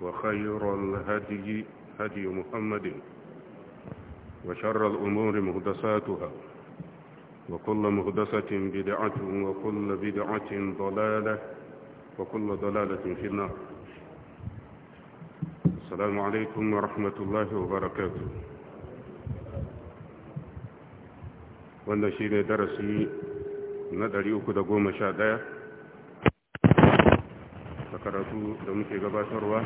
وخير الهدي هدي محمد وشر الأمور مهدساتها وكل مهدسة بدعة وكل بدعة ضلالة وكل ضلالة في النار السلام عليكم ورحمة الله وبركاته wannan shi ne darasi na 311 karatu da muke gabatarwa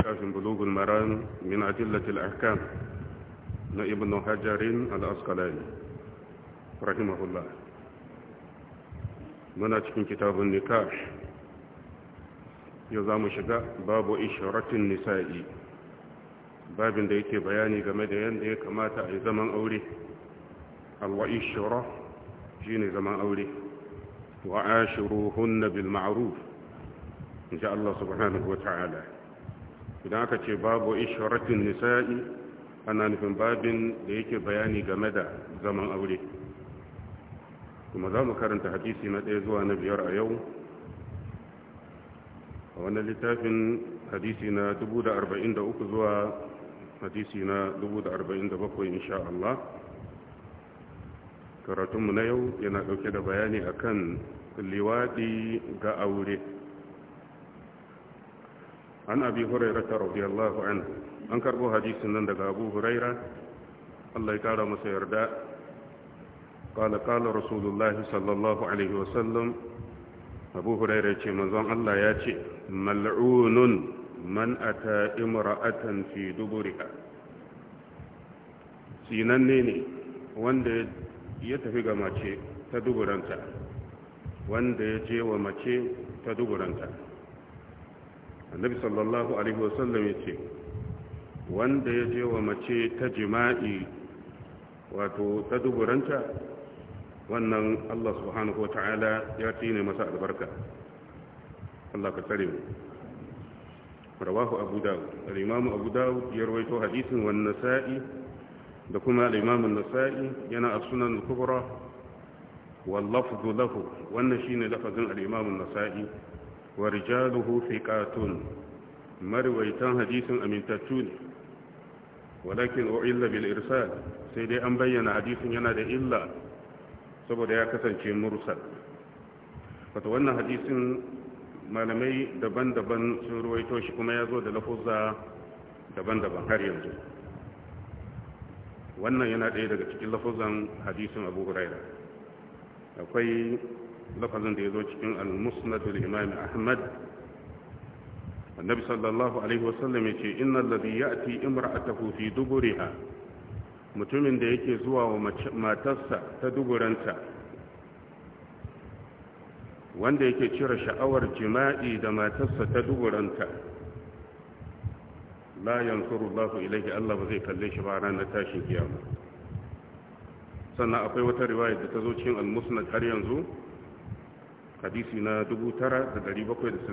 kafin bulugul maran min adillatil ahkam na ibnu hajarin al-asqalani rahimahullah muna cikin kitabun nikah yau za mu shiga babu isharatin nisa'i babin da yake bayani game da yadda ya kamata a yi zaman aure alwa ishara shi ne zaman aure وعاشروهن بالمعروف إن شاء الله سبحانه وتعالى idan aka ce babu isharatin nisa'i ana nufin babin da yake bayani game da zaman aure kuma za mu karanta hadisi na ɗaya zuwa na biyar a yau a wannan littafin hadisi na 43 zuwa hadisi na 47 insha Allah karatunmu na yau yana ɗauke da bayani akan liwaɗi ga aure an abi huraira ta radiyallahu an an karbo hadisin nan daga abu huraira Allah ya kara masa yarda قال قال رسول الله صلى الله ya ce أبو هريرة منظم الله ياتي ملعون من أتى امرأة fi duburika. سينني ne wanda ya tafi ga mace ta duburanta wanda ya je wa mace ta duburanta annabi sallallahu alaihi wasallam ya ce wanda ya je wa mace ta jima'i wato ta duburanta wannan Allah subhanahu wata'ala ya tine masa albarka Allah ka tare mu rawahu abu dawud al-imam abu dawud ya rawaito hadisin wan nasa'i da kuma al nasai yana a sunan al-kubra wal lafzu lahu wannan shine lafazin al nasai wa rijaluhu thiqatun marwaitan hadisin amintattu ne walakin u'illa bil irsal sai dai an bayyana hadisin yana da illa saboda ya kasance mursal wato wannan hadisin malamai daban-daban sun ruwaito shi kuma ya zo da lafuzza daban-daban har yanzu wannan yana ɗaya daga cikin lafazan hadisin abu huraira akwai lafazin da ya zo cikin al-musnad al-imam ahmad annabi sallallahu alaihi wasallam yace inna ladhi ya'ti imra'atahu fi duburiha mutumin da yake zuwa wa matarsa ta duburanta wanda yake cire sha'awar jima'i da matarsa ta duburanta la yansuru Allahu ilaihi Allah ba zai kalle shi ba ranar tashin kiyama sannan akwai wata riwaya da ta zo cikin al-musnad har yanzu hadisi na 9733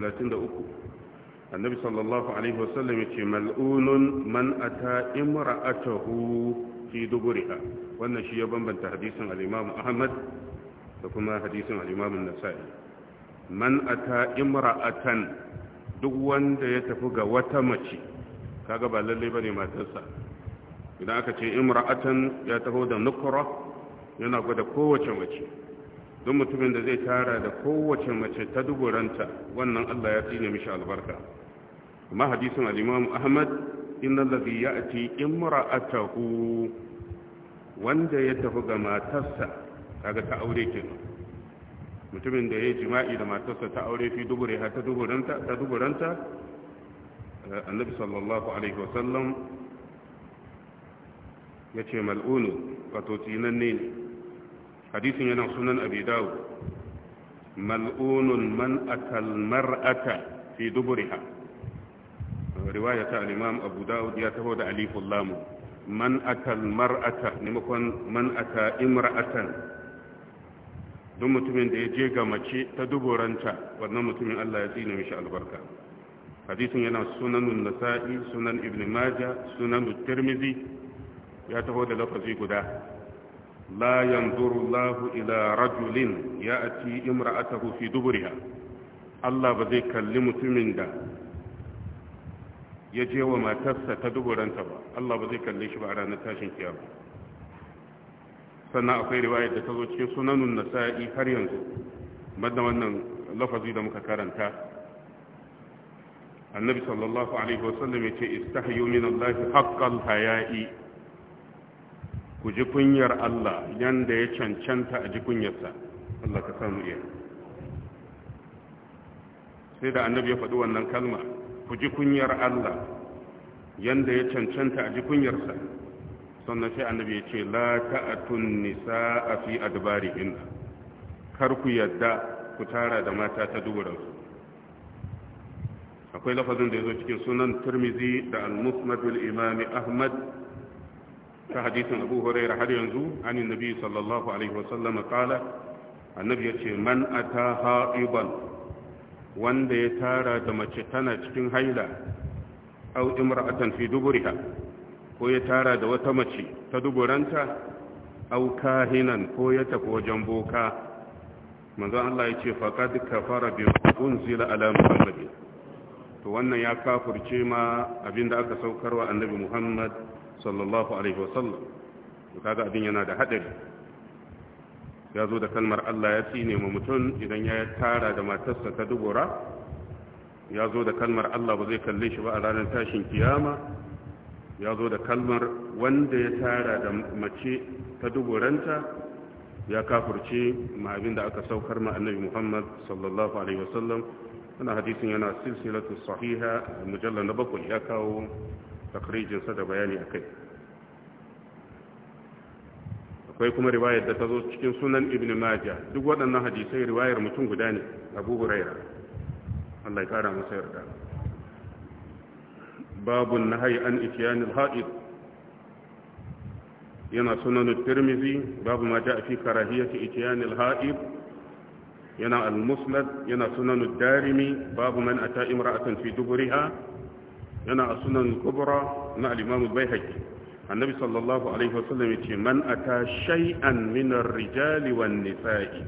annabi sallallahu alaihi wasallam yace mal'unun man ata imra'atahu fi duburiha wannan shi ya bambanta hadisin al-imam Ahmad da kuma hadisin al-imam an-Nasa'i man ata imra'atan duk wanda ya tafi ga wata mace kaga ba lalle bane matarsa idan aka ce imra'atan ya taho da nukra yana gwada kowace mace don mutumin da zai tara da kowace mace ta duburanta wannan Allah ya tsine mishi albarka amma hadisin al-Imam Ahmad inna allazi ya'ti imra'atahu wanda ya tafi ga matarsa kaga ta aure kenan mutumin da ya jima'i da matarsa ta aure fi dubure ha ta duburanta ta duburanta annabi sallallahu alaihi wasallam ya ce mal'unu wato tsinanne ne hadisin yana sunan abi dawo mal'unun man atal mar'ata fi duburiha riwaya ta al abu dawud ya taho da alifun lamu man atal mar'ata nimakon man ata imra'atan don mutumin da ya je ga mace ta duburanta wannan mutumin Allah ya tsine misi albarka hadisin yana sunanun nasa'i sunan ibn maja sunanun tirmizi ya taho da lafazi guda la yanzuru Allahu ila rajulin ya ya'ti imra'atahu fi duburiha Allah ba zai kalli mutumin da ya je wa matarsa ta duburanta ba Allah ba zai kalli shi ba a ranar tashin kiyama sannan akwai riwayar da ta zo cikin sunanun nasa'i har yanzu banda wannan lafazi da muka karanta annabi sallallahu alaihi wasallam ya ce istahyu min Allah haqqal haya'i ku ji kunyar Allah yanda ya cancanta a ji kunyarsa Allah ka samu iya sai da annabi ya faɗi wannan kalma ku ji kunyar Allah yanda ya cancanta a ji kunyarsa sannan sai annabi ya ce la ta'atun nisa'a fi adbarihin kar ku yadda ku tara da mata ta duburansu akwai lafazin da ya zo cikin sunan turmizi da al-musnadul imami ahmad ta hadisin abu huraira har yanzu anin nabi sallallahu alaihi wasallam kala annabi ya ce man ata ha'iban wanda ya tara da mace tana cikin haila au imra'atan fi duburiha ko ya tara da wata mace ta duburanta au kahinan ko ya tafi wajen boka manzon Allah ya ce faqad kafara bi unzila ala muhammadin to wannan ya kafurce ma abinda aka saukarwa annabi muhammad sallallahu alaihi wasallam to kaga abin yana da haɗari. ya zo da kalmar allah ya tsine ma mutum idan ya tara da matarsa ta dubura ya zo da kalmar allah ba zai kalle shi ba a ranar tashin kiyama ya zo da kalmar wanda ya tara da mace ta duburanta ya kafurce ma abinda aka saukar ma annabi muhammad sallallahu alaihi wasallam wannan hadisin yana silsilatu sahiha mujallal na bakwai ya kawo takrijin sa da bayani akai akwai kuma riwayar da ta zo cikin sunan ibn majah duk waɗannan hadisai riwayar mutum guda ne abu huraira Allah ya kara masa yarda babun nahyi an ityanil ha'id yana sunan tirmizi babu ma ja'a fi karahiyati ityanil ha'id yana al-musnad yana sunan darimi babu man ata imra'atan fi duburiha yana sunan kubra na al-imam al-baihaqi annabi sallallahu alaihi wasallam yace man ata shay'an min ar-rijali wan nisa'i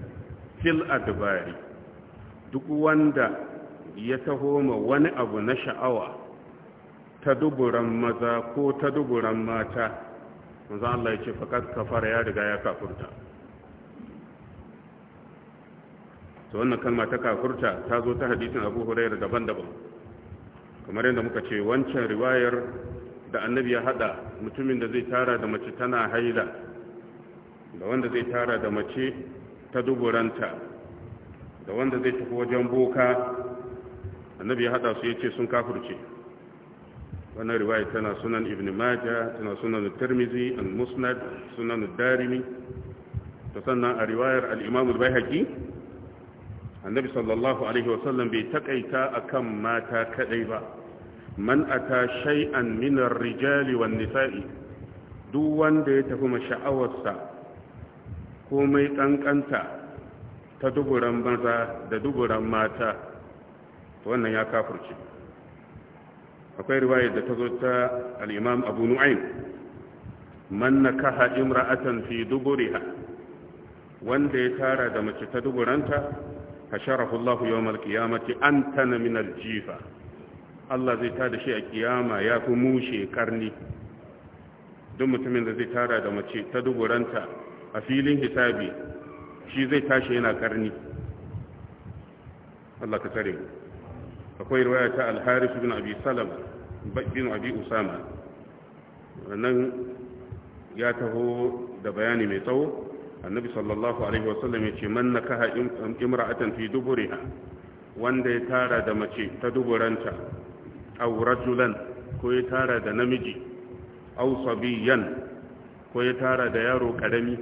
fil adbari duk wanda ya taho ma wani abu na sha'awa ta duburan maza ko ta duburan mata manzo Allah yace faqad kafara ya riga ya kafurta to wannan kalma ta kafurta ta zo ta hadisin abu hurairu daban-daban kamar yadda muka ce wancan riwayar da annabi ya hada mutumin da zai tara da mace tana haila da wanda zai tara da mace ta duburanta da wanda zai tafi wajen boka annabi ya hada su ya ce sun kafurce wannan riwaya tana sunan ibn majah tana sunan tirmizi al-musnad sunan darimi ta sannan a riwayar al-imam al-baihaqi annabi sallallahu alaihi wasallam bai takaita akan mata kadai ba man ata shay'an min ar-rijali wan nisa'i duk wanda ya tafi masha'awarsa komai kankanta ta duburan maza da duburan mata wannan ya kafirce akwai riwaya da ta zo ta al-imam abu nu'aym man nakaha imra'atan fi duburiha wanda ya tara da mace ta duburanta hasharahu Allah yawmal qiyamati antana min aljifa Allah zai tada shi a kiyama ya fi mushe karni duk mutumin da zai tara da mace ta duburanta a filin hisabi shi zai tashi yana karni Allah ka tsare mu akwai riwaya ta al-Harith ibn Abi Salama bin Abi Usama nan ya taho da bayani mai tsawo annabi sallallahu alaihi wasallam ya ce man nakaha imra'atan fi duburiha wanda ya tara da mace ta duburanta aw rajulan ko ya tara da namiji aw sabiyan ko ya tara da yaro karami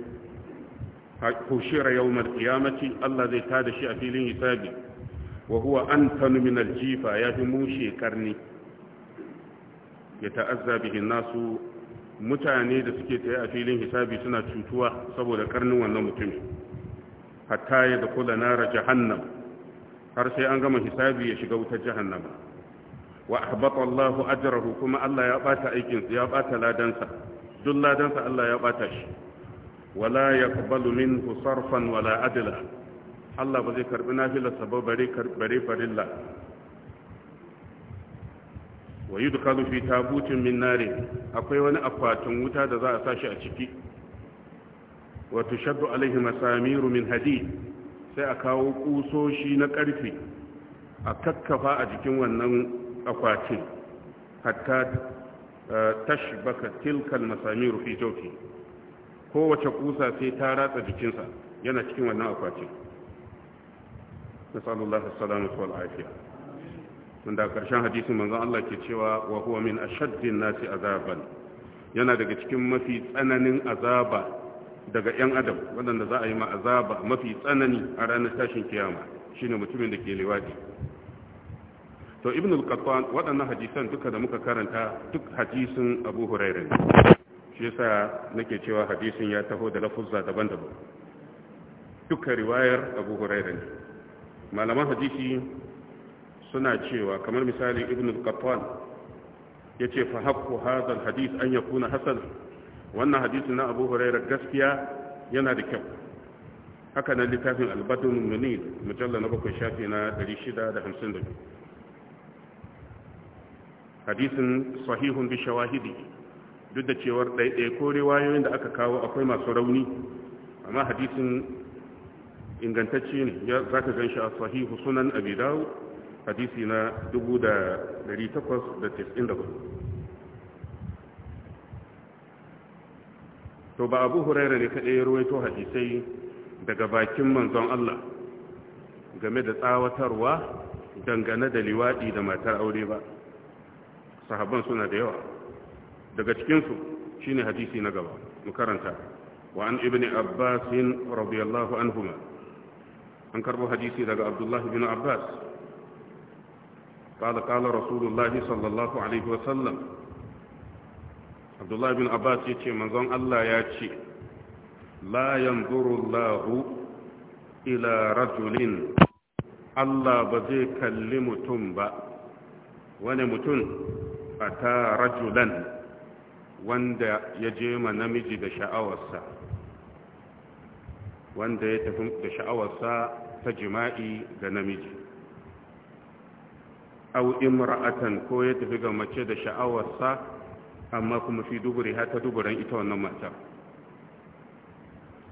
hushira yawmal qiyamati Allah zai tada shi a filin hisabi wa huwa antanu min aljifa ya fi mushe karni ya ta'azza bihi nasu mutane da suke tsaye a filin hisabi suna cutuwa saboda karnin wannan mutum. hatta ya da kula nara jahannam har sai an gama hisabi ya shiga wutar jahannama wa ahbata Allahu ajrahu kuma Allah ya bata aikin ya bata ladansa duk ladansa Allah ya bata shi wala yaqbalu minhu sarfan wala adla Allah ba zai karbi nafilar sa ba bare bare farilla wa da dukkanu fi tabutin min nare akwai wani akwatin wuta da za a sashi a ciki wato shaddu alaihi masamiru min hadid sai a kawo kusoshi na karfe a kakkafa a jikin wannan akwatin hatta eh, tashbaka tilkal masamiru fi kowace kusa sai ta ratsa jikinsa yana cikin wannan akwatin nasallallahu alaihi wasallam tunda karshen hadisin manzon Allah ke cewa wa huwa min ashaddin nasi azaban yana daga cikin mafi tsananin azaba daga yan adam wanda za a yi ma azaba mafi tsanani a ranar tashin kiyama shine mutumin da ke liwadi to ibn al-qattan waɗannan hadisan duka da muka karanta duk hadisin abu hurairah shi yasa nake cewa hadisin ya taho da lafuzza daban-daban duka riwayar abu hurairah malaman hadisi suna cewa kamar misali ibn al-qattan yace fa haqqu hadha al-hadith an yakuna hasan wannan hadith na Abu Hurairah gaskiya yana da kyau haka nan littafin al-badr munir mujalla na bakwai shafi na 652 hadisin sahihun bi shawahidi duk da cewar ɗaiɗaya ko riwayoyin da aka kawo akwai masu rauni amma hadisin ingantacce ne ya zaka gan shi a sahihu sunan abi dawud hadisi na 1894 to ba abu huraira ne kaɗai ya ruwaito hadisai daga bakin manzon Allah game da tsawatarwa dangane da liwaɗi da matar aure ba sahabban suna da yawa daga cikinsu shine hadisi na gaba mu karanta wa an ibni abbasin radiyallahu anhuma an karbo hadisi daga abdullahi bin abbas قال قال رسول الله صلى الله عليه وسلم عبد الله بن عباس يتي منظم الله ياتي لا ينظر الله إلى رجل الله بزي كلمتم با ونمتن أتى رجلا وندا يجيم نمجي دشاوسا وندا يتفهم دشاوسا تجمائي دنمجي aw imra'atan ko ya tafi ga mace da sha'awarsa amma kuma fi duburi ha ta duburan ita wannan matar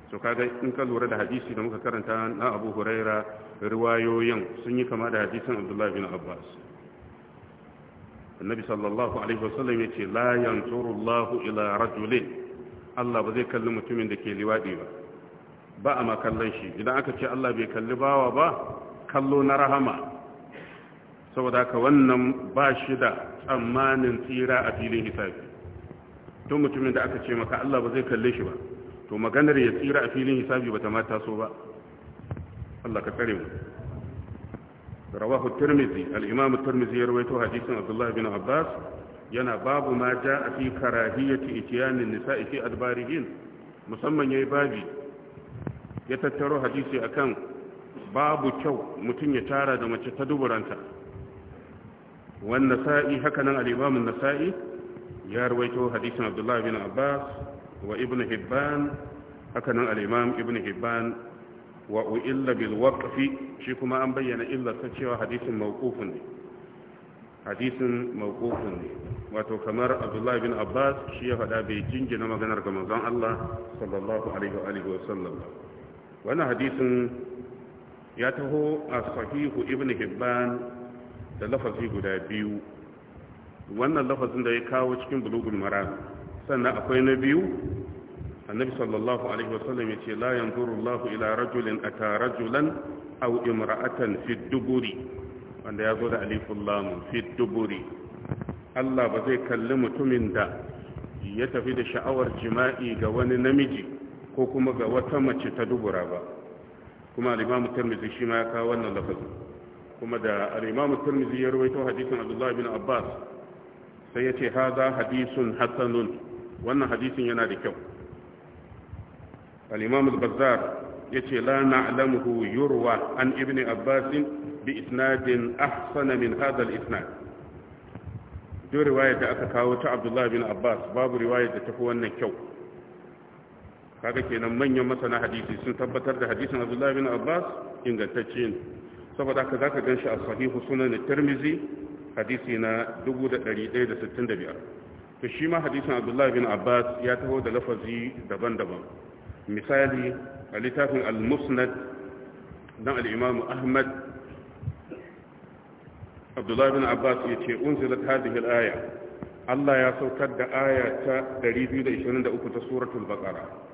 so kaga in ka lura da hadisi da muka karanta na Abu Huraira riwayoyin sun yi kama da hadisin Abdullah bin Abbas Annabi sallallahu alaihi wasallam yace la yanzuru Allahu ila rajulin Allah ba zai kalli mutumin da ke liwadi ba ba a ma kallon shi idan aka ce Allah bai kalli bawa ba kallo na rahama saboda ka wannan ba shi da tsammanin tsira a filin hisabi Tun mutumin da aka ce maka Allah ba zai kalle shi ba to maganar ya tsira a filin hisabi ba ta mata so ba Allah ka tsare mu rawahu tirmidhi al-imam tirmidhi ya rawaito hadisin Abdullah bin Abbas yana babu ma jaa fi karahiyati itiyani nisa'i fi adbarihin musamman yayi babi ya tattaro hadisi akan babu kyau mutum ya tara da mace ta duburanta wan sa'i hakanan al-imam an-nasa'i ya rawaito hadisin abdullah bin abbas wa ibn hibban hakanan al ibn hibban wa uilla bil waqfi shi kuma an bayyana illa ta cewa hadisin mawqufun ne hadisin mawqufun ne wato kamar abdullah bin abbas shi ya faɗa bai jingina maganar ga manzon Allah sallallahu alaihi wannan hadisin ya taho a sahihu ibn hibban da lafazi guda biyu wannan lafazin da ya kawo cikin bulugul maram sannan akwai na biyu annabi sallallahu alaihi wasallam ce la yanzuru Allahu ila rajulin ata rajulan aw imra'atan fi duburi wanda ya zo da aliful lam fi duburi Allah ba zai kalli mutumin da ya tafi da sha'awar jima'i ga wani namiji ko kuma ga wata mace ta dubura ba kuma al-Imam Tirmidhi shi ma ya kawo wannan lafazin kuma da al-imam tirmidhi ya rawaito hadisin abdullah bin abbas sai ya yace haza hadisun Hassanun wannan hadisin yana da kyau al-imam ya ce lana la na'lamuhu yurwa an ibni Abbasin bi isnadin ahsana min hadha al-isnad duk riwayar da aka kawo ta Abdullahi bin abbas babu riwayar da tafi wannan kyau kaga kenan manyan masana hadisi sun tabbatar da hadisin abdullahi bin abbas ingantacce ne saboda haka zaka gan shi a sahihu sunan tirmizi hadisi na 1165 to shi ma hadisin abdullahi bin abbas ya taho da lafazi daban-daban misali a littafin al-musnad dan al-imam ahmad abdullahi bin abbas ya ce unzilat hadhihi al-aya Allah ya saukar da aya ta 223 ta suratul baqara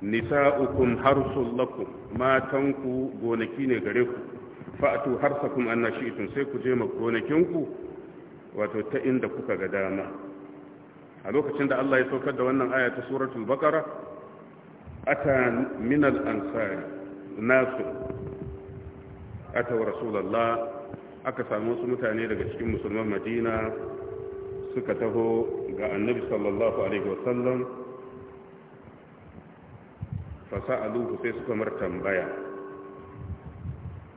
nisa'ukum harsul lakum matanku gonaki ne gare ku fa'atu harsakum annashi'tum sai ku je ma ku wato ta inda kuka ga dama a lokacin da Allah ya saukar da wannan aya ta suratul baqara ata min al-ansari nasu ata wa rasulullah aka samu wasu mutane daga cikin musulman madina suka taho ga annabi sallallahu alaihi wasallam fasa aluhu sai suka mar tambaya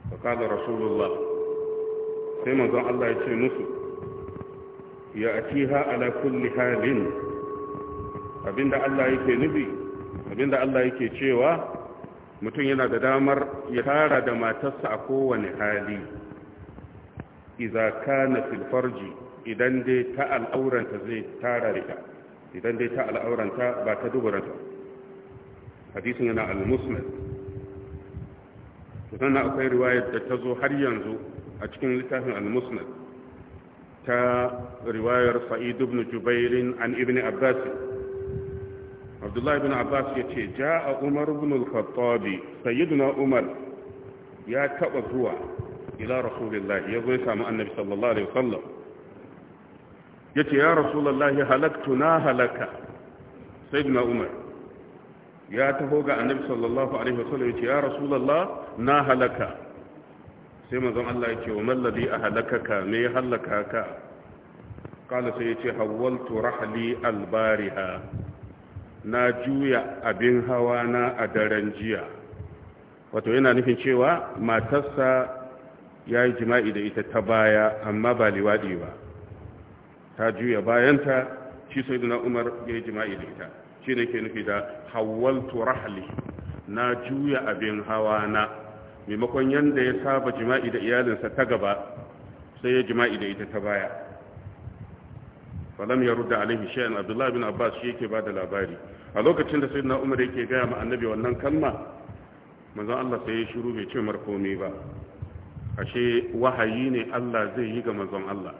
faƙaɗa rasulullah sai manzon Allah ya ce musu ya atiha ala kulli halin abinda Allah yake nufi abinda Allah yake cewa mutum yana da damar ya tara da matarsa a kowane hali iza kana fil farji idan dai ta al'auranta zai tara rika idan dai ta al'auranta ba ta duburanta hadisin yana al-muslim sannan akwai riwayar da ta zo har yanzu a cikin littafin al-muslim ta riwayar sa'id ibn jubair an ibn abbas abdullahi ibn abbas ya ce, yace a umar ibn al-khattab sayyiduna umar ya taɓa zuwa ila rasulullahi yazo ya samu annabi sallallahu alaihi wasallam yace ya rasulullahi halaktu na halaka sayyiduna umar ya taho ga annabi sallallahu alaihi wasallam ya ce ya rasulullah na halaka sai manzon Allah ya ce wa malladi a halakaka me ya halaka ka kala sai ya ce hawaltu rahli albariha na juya abin hawa na a daren jiya wato yana nufin cewa matarsa ya yi jima'i da ita ta baya amma ba liwaɗi ba ta juya bayanta shi sai umar ya yi jima'i da ita shi ne ke nufi da hawaltu rahli na juya abin hawa na maimakon yanda ya saba jima'i da iyalinsa ta gaba sai ya jima'i da ita ta baya falam ya rudda alaihi shay'an abdullahi bin abbas shi yake da labari a lokacin da sayyidina umar yake gaya ma annabi wannan kalma manzon Allah sai ya shiru bai ce mar komai ba ashe wahayi ne Allah zai yi ga manzon Allah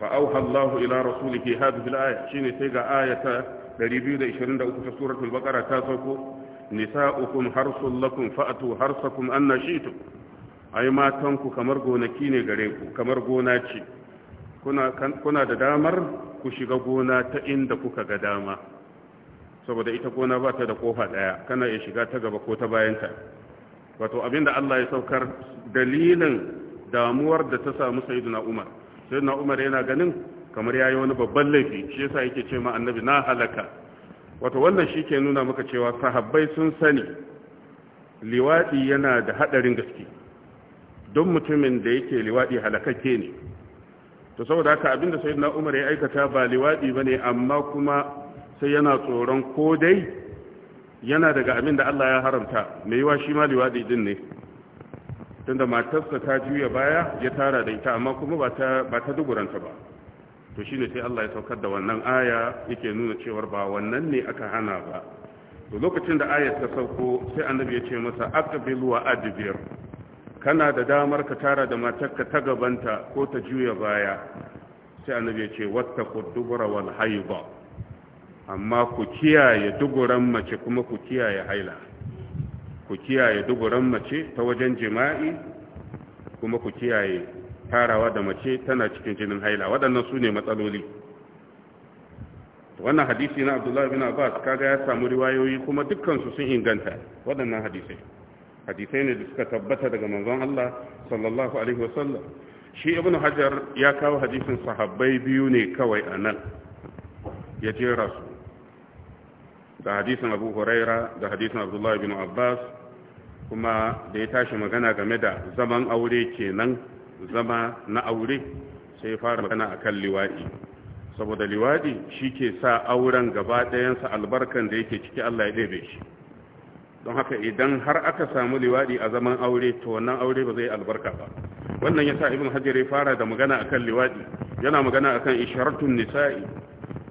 fa auha Allah ila ke hadhihi al-aya shine sai ga ayata 223 ta suratul baqara ta sauko nisa'ukum harsul lakum fa'tu harsakum anna shi'tum ai matan kamar gonaki ne gare ku kamar gona ce kuna da damar ku shiga gona ta inda kuka ga dama saboda ita gona bata da kofa ɗaya, kana ya shiga ta gaba ko ta bayanta wato abinda Allah ya saukar dalilin damuwar da ta samu sayyiduna Umar sai na umar yana ganin kamar ya yi wani babban laifi shi yasa yake ce ma annabi na halaka wato wannan shi ke nuna maka cewa sahabbai sun sani liwaɗi yana da haɗarin gaske don mutumin da yake liwaɗi halakakke ne to saboda haka abinda sai na umar ya aikata ba liwaɗi ba ne amma kuma sai yana tsoron ko dai yana daga abin da Allah ya haramta mai yiwa shi ma liwaɗi din ne tunda matarsa ta juya baya ya tara da ita amma kuma ba ta duguranta ba to shi ne sai Allah ya saukar da wannan aya yake nuna cewar ba wannan ne aka hana ba to lokacin da ayar ta sauko sai annabi ya ce masa aqbil wa adbir kana da damar ka tara da matarka ta gabanta ko ta juya baya sai annabi ya ce wattaqu dubura wal hayda amma ku kiyaye duguran mace kuma ku kiyaye haila ku kiyaye duburan mace ta wajen jima'i kuma ku kiyaye tarawa da mace tana cikin jinin haila waɗannan su ne matsaloli wannan hadisi na abdullahi bin abbas kaga ya samu riwayoyi kuma dukkansu sun inganta waɗannan hadisai hadisai ne da suka tabbata daga manzon Allah sallallahu alaihi wasallam shi ibnu hajar ya kawo hadisin sahabbai biyu ne kawai a nan ya jera su da hadisin abu huraira da hadisin abdullahi bin abbas kuma da ya tashi magana game da zaman aure kenan zama na aure sai fara magana kan liwaɗi saboda liwaɗi shi ke sa auren gaba ɗayansa albarkan da yake ciki Allah ya ɗebe shi don haka idan har aka samu liwaɗi a zaman aure to wannan aure ba zai albarka ba wannan yasa ibn hajar ya fara da magana akan liwaɗi yana magana akan isharatun nisa'i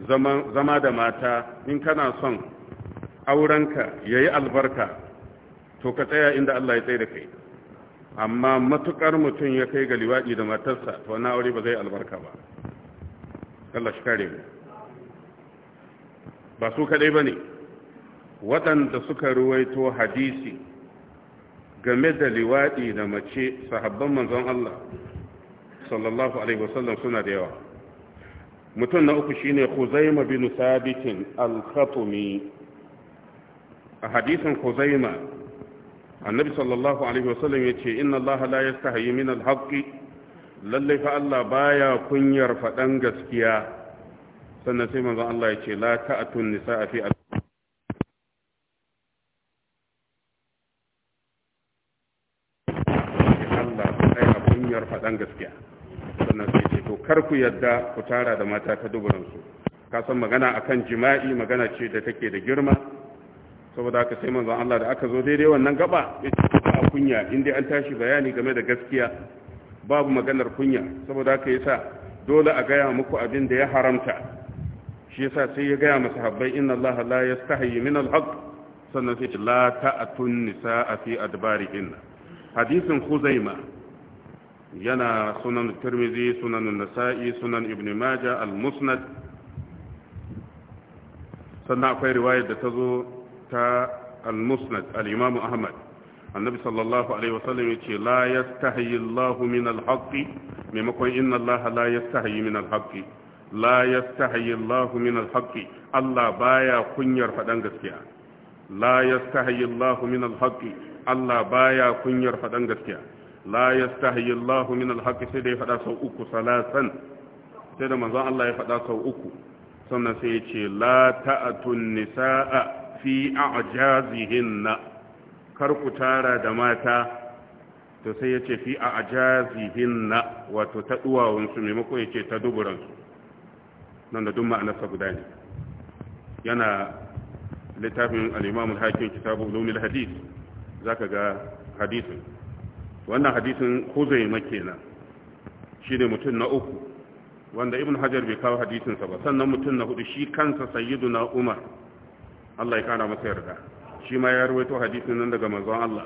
zama da mata in kana son aurenka ya yi albarka to ka tsaya inda Allah ya tsaye da kai amma matukar mutum ya kai ga liwaɗi da matarsa to na aure ba zai albarka ba Allah shi kare mu ba su kadai ba ne waɗanda suka ruwaito hadisi game da liwaɗi da mace sahabban manzon Allah sallallahu alaihi wasallam suna da yawa mutum na uku shine Khuzaima bin Sabitin al-Khatumi a hadisin Khuzaima annabi sallallahu alaihi wasallam ya ce inna Allah la yastahi min alhaqi haqqi lalle fa Allah baya kunyar fadan gaskiya sannan sai manzon Allah ya ce la ta'atun nisa'a fi Allah baya kunyar fadan gaskiya sannan sai ce to kar ku yadda ku tara da mata ta duburansu ka san magana akan jima'i magana ce da take da girma saboda haka sai manzon Allah da aka zo daidai wannan gaba ya ce ba kunya dai an tashi bayani game da gaskiya babu maganar kunya saboda haka yasa dole a gaya muku abin da ya haramta shi yasa sai ya gaya masa habbai inna Allah la yastahi min al-haq sannan sai la ta'atun nisaa fi adbarihin hadisin khuzaima yana sunan tirmidhi sunan nasa'i sunan ibn majah al-musnad sannan akwai riwayar da ta zo ta al-musnad al-imam ahmad annabi sallallahu alaihi wasallam ya ce la yastahyi Allah min al-haqqi maimakon inna Allah la yastahyi min al-haqqi la yastahyi Allah min al-haqqi Allah baya kunyar fadan gaskiya la yastahyi Allah min al-haqqi Allah baya kunyar fadan gaskiya la yastahyi Allah min al-haqqi sai da ya fada sau uku salasan sai da manzon Allah ya fada sau uku sannan sai ya ce la ta'atun nisaa fi a'jazihinna kar ku tara da mata to sai ya ce fi a'jazihinna wato ta duwawun su maimako ya ce ta duburan su nan da duk ma'anarsa guda ne yana littafin al-Imam al-Hakim kitabu ulumil hadith zaka ga hadisin wannan hadisin Huzaima shi shine mutum na uku wanda Ibn Hajar bai kawo hadisinsa sa ba sannan mutum na hudu shi kansa na Umar Allah ya kara masa yarda shi ma ya rawaito hadisin nan daga manzon Allah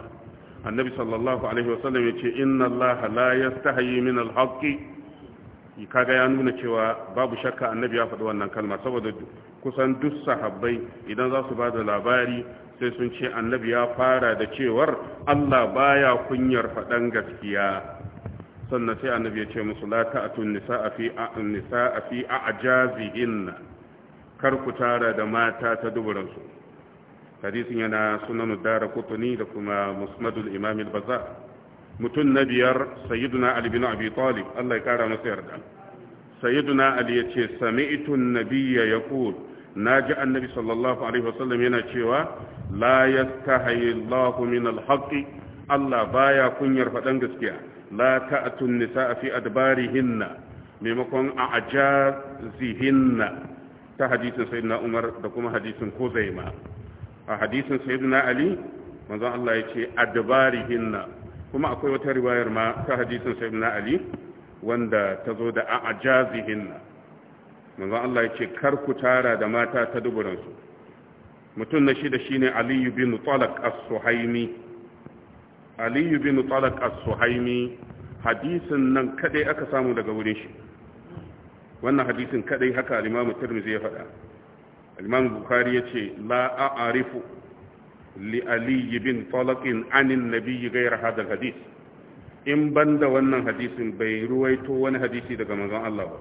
annabi sallallahu alaihi wasallam yace inna Allah la yastahi min al-haqqi kaga ya nuna cewa babu shakka annabi ya faɗi wannan kalma saboda kusan duk sahabbai idan za su ba da labari sai sun ce annabi ya fara da cewar Allah baya kunyar faɗan gaskiya sannan sai annabi ya ce musu la ta'atun nisa'a fi nisa'a fi kar ku tara da mata ta duburansu hadisin yana sunan dara kutuni da kuma Musmadul imam al-baza mutun na biyar sayyiduna ali bin abi talib Allah ya kara masa yarda sayyiduna ali yace sami'tu an-nabiyya yaqul naji annabi sallallahu alaihi wasallam yana cewa la yastahi Allahu min al Allah baya kunyar fadan gaskiya la ta'tun nisaa fi adbarihinna maimakon a'jazihinna ta hadisin sayyidina umar da kuma hadisin kuzaima a hadisin sayyidina ali manzon Allah ya ce adbarihinna kuma akwai wata riwayar ma ta hadisin sayyidina ali wanda ta zo da a'jazihinna manzon Allah ya ce kar ku tara da mata ta duburan su mutum na shida shine ali bin talak as-suhaimi ali bin talak as-suhaimi hadisin nan kadai aka samu daga wurin shi wannan hadisin kadai haka al-imamu tirmizi ya faɗa al-imamu bukhari yace la a'rifu li ali bin talq anin an-nabi ghayr hadis in banda wannan hadisin bai ruwaito wani hadisi daga manzon Allah ba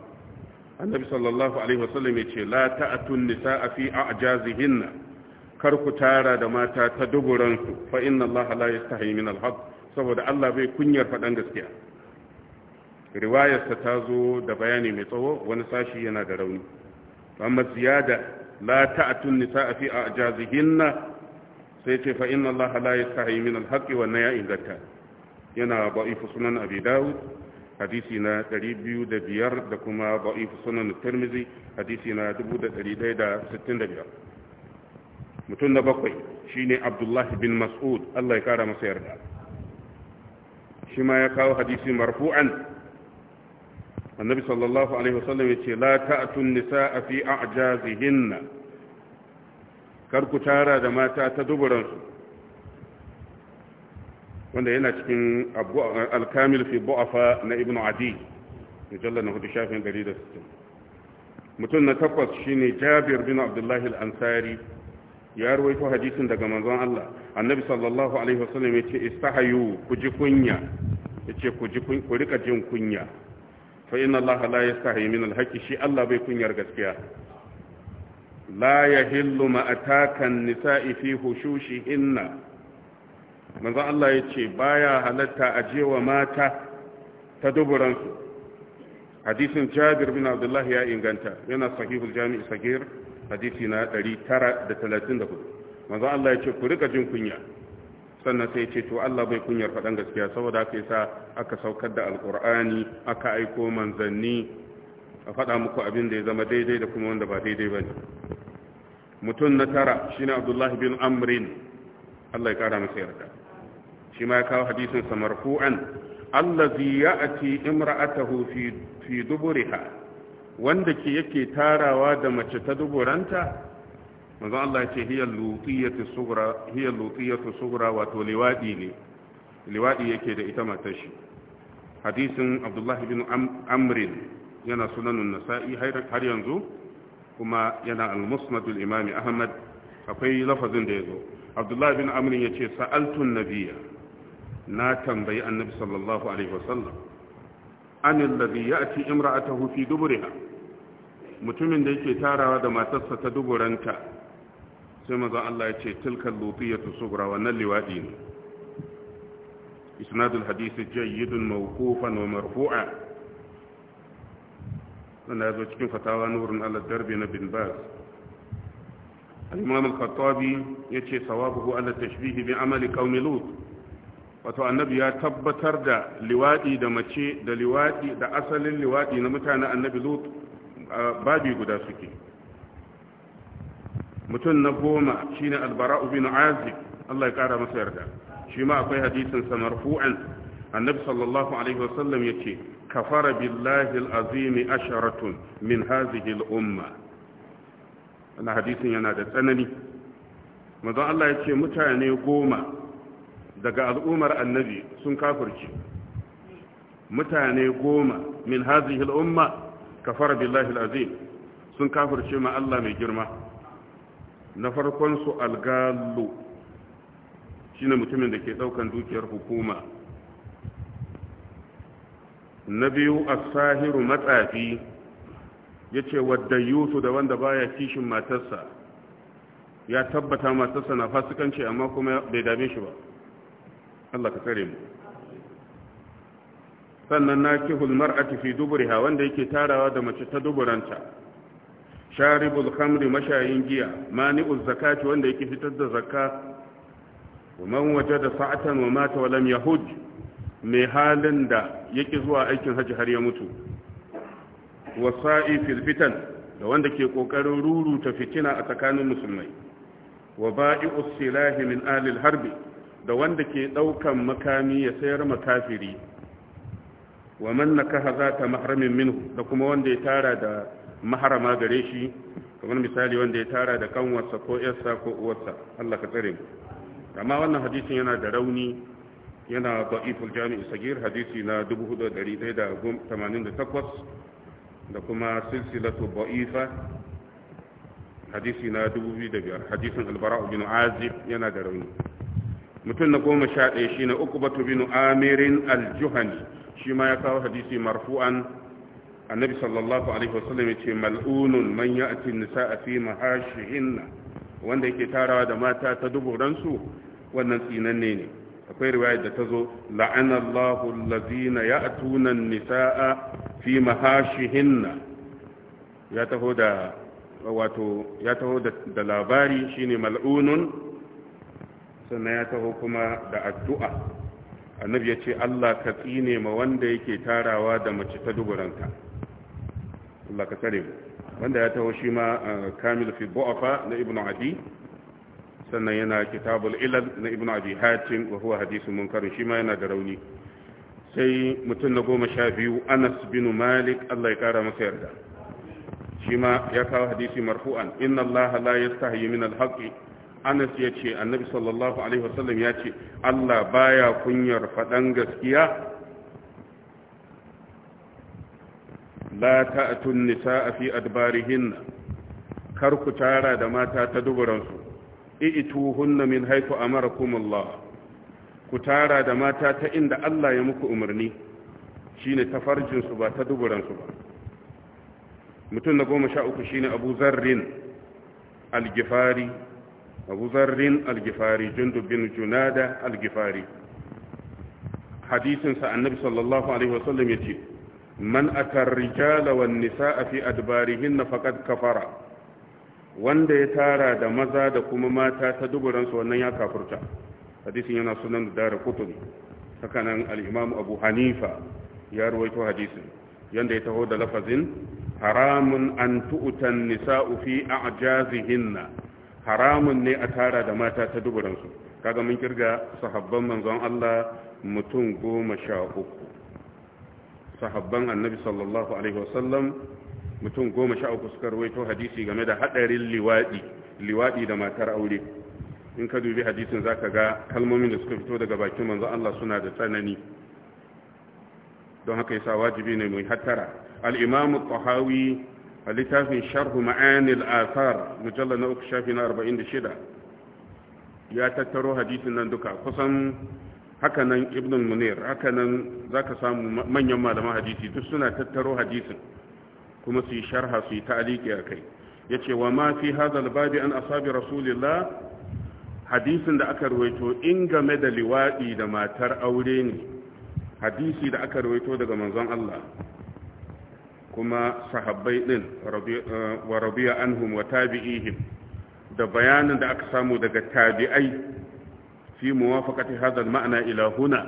annabi sallallahu alaihi wasallam yace la ta'tun a fi a'jazihinna kar ku tara da mata ta duburansu fa inna Allah la yastahi min al-haqq saboda Allah bai kunyar faɗan gaskiya riwayarsa ta zo da bayani mai tsawo wani sashi yana da rauni amma ziyada la ta'atun nisa'a fi ajazihinna sai ce fa inna Allah la yi min alhaƙi, haqqi ya inganta yana ba'ifu sunan abi dawud hadisi na 205 da kuma ba'ifu sunan tirmizi hadisi na 1165 mutum na bakwai shine abdullahi bin mas'ud Allah ya kara masa yarda shi ma ya kawo hadisi marfu'an annabi sallallahu alaihi wasallam ce la ta'tun nisaa fi a'jazihinna kar ku tara da mata ta duburan su wanda yana cikin al-kamil fi bu'afa na ibnu adi mujallal na hudu shafin gari da sittin mutum na takwas shine jabir bin abdullahi al-ansari ya ruwaito hadisin daga manzon Allah annabi sallallahu alaihi wasallam yace istahayu ku ji kunya yace ku ji ku rika jin kunya fa inna Allah la yastahi min al shi Allah bai kunyar gaskiya la yahillu ma ataka nisai fi hushushihinna manzo Allah yace baya halatta ajewa mata ta duburansu hadisin Jabir bin Abdullah ya inganta yana sahihul jami'i sagir hadisi na 934 manzo Allah yace ku rika jin kunya sannan sai ce to Allah bai kunyar faɗan gaskiya saboda aka yasa aka saukar da alkur'ani aka aiko manzanni a faɗa muku abin da ya zama daidai da kuma wanda ba daidai ba ne mutum na tara shine abdullahi bin amrin Allah ya kara masa yarda shi ma ya kawo hadisin sa marfu'an allazi ya'ti imra'atahu fi fi duburiha wanda ke yake tarawa da mace ta duburanta manzo Allah ya ce hiyar lutiyatu sughra hiyar lutiyatu sughra wato liwadi ne liwadi yake da ita matar shi hadisin Abdullah ibn Amr yana sunanun Nasa'i har yanzu kuma yana al-Musnad al-Imam Ahmad akwai lafazin da yazo Abdullah ibn Amr yace sa'altu an-nabiyya na tambayi annabi sallallahu alaihi wasallam an alladhi ya'ti imra'atahu fi duburiha mutumin da yake tarawa da matarsa ta duburanta sai mazan Allah ya ce tilkan lutiyatu sugra wannan liwaɗi ne isnadul hadisi jayyidun mawqufan wa marfu'a wannan zo cikin fatawa nurun Allah darbi na bin baz al-imam al-khattabi yace sawabuhu ala tashbihi bi amali qaumi lut wato annabi ya tabbatar da liwadi da mace da liwadi da asalin liwadi na mutanen annabi lut babi guda suke mutum na goma shine albara bin azib Allah ya kara masa yarda shi ma akwai hadisin sa marfu'an annabi sallallahu alaihi wasallam yace kafara billahi alazim asharatun min hadhihi al-umma wannan hadisin yana da tsanani manzo Allah yace mutane goma daga al'ummar annabi sun kafirci mutane goma min hadhihi al-umma kafara billahi alazim sun kafirce ma Allah mai girma na farkon su algalu shine mutumin da ke daukan dukiyar hukuma na biyu asahiru matsafi ya ce wadda yusu da wanda baya kishin matarsa ya tabbata matarsa na fasikanci amma kuma bai dame shi ba Allah ka tsare mu sannan na kihul mar'ati fi duburiha wanda yake tarawa da mace ta duburanta sharibul khamri mashayin giya mani'uz zakati wanda yake fitar da zakka wa man wajada sa'atan wa mata wa lam yahuj mai halin da yake zuwa aikin haji har ya mutu wa sa'i fil fitan da wanda ke kokarin ruruta fitina a tsakanin musulmai wa ba'i'us silahi min alil harbi da wanda ke daukan makami ya sayar makafiri wa man nakaha zata mahramin minhu da kuma wanda ya tara da maharama gare shi kamar misali wanda ya tara da kanwarsa ko yarsa ko uwarsa Allah ka tsare amma wannan hadisin yana da rauni yana da'iful jami'i sagir hadisi na 4188 da kuma silsilatu da'ifa hadisi na 2005 hadisin albara bin azib yana da rauni mutum na goma sha ɗaya shi na uku batu bin amirin aljuhani shi ma ya kawo hadisi marfu'an annabi sallallahu alaihi wasallam yace mal'unun man ya'ti nisa'a fi mahashihinna wanda yake tarawa da mata ta duburan su wannan tsinanne ne akwai riwaya da tazo la'anallahu allazina ya'tuna nisaa fi mahashihinna ya taho da wato ya taho da labari shine mal'unun sannan ya taho kuma da addu'a annabi ya ce Allah ka tsine ma wanda yake tarawa da mace ta duburanta Allah ka tsare wanda ya taho shi ma kamil fi bu'afa na ibnu adi sannan yana kitabul ilal na ibnu abi hatim wa huwa hadisun munkarin shi ma yana da rauni sai mutum na goma sha biyu anas bin malik Allah ya kara masa yarda shi ma ya kawo hadisi marfu'an inna Allah la yastahi min al anas ya ce annabi sallallahu alaihi wasallam ya ce Allah baya kunyar faɗan gaskiya la ta'tun nisaa fi adbarihin kar ku tara da mata ta duburansu i'tuhunna min haythu amarakumullah ku tara da mata ta inda Allah ya muku umarni shine ta farjin su ba ta duburan ba mutum na goma sha uku shine Abu Zarrin al-Ghifari Abu Zarrin al-Ghifari al annabi sallallahu alaihi yace man atar rijala nisa a fi na faqad kafara wanda ya tara da maza da kuma mata ta duburansu wannan ya kafurta hadisin yana sunan dara kutubi hakanan al abu hanifa ya ruwaito hadisin yanda ya taho da lafazin haramun an tu'tan nisa'u fi a'jazihinna haramun ne a tara da mata ta duburansu. su kaga mun kirga sahabban manzon Allah mutum goma sha uku sahabban annabi sallallahu alaihi wasallam mutum goma sha uku suka rawaito hadisi game da hadarin liwadi liwadi da matar aure in ka dubi hadisin zaka ga kalmomin da suka fito daga bakin manzo Allah suna da tsanani don haka yasa wajibi ne mu hattara al-imam al-tahawi a littafin sharh ma'ani al-athar mujallal na uku shafi na 46 ya tattaro hadisin nan duka kusan hakanan Ibn munir hakanan zaka samu manyan malaman hadisi duk suna tattaro hadisin kuma su yi sharha su yi ta'aliki a kai ya ce wa ma fi hadal babi an asabi rasulillah hadisin da aka ruwaito in game da liwaɗi da matar aure ne hadisi da aka ruwaito daga manzon Allah kuma sahabbai ɗin eh, wa rabiya anhum wa tabi'ihim da bayanin da aka samu daga tabi'ai fi muwafaqati hadha al-ma'na ila huna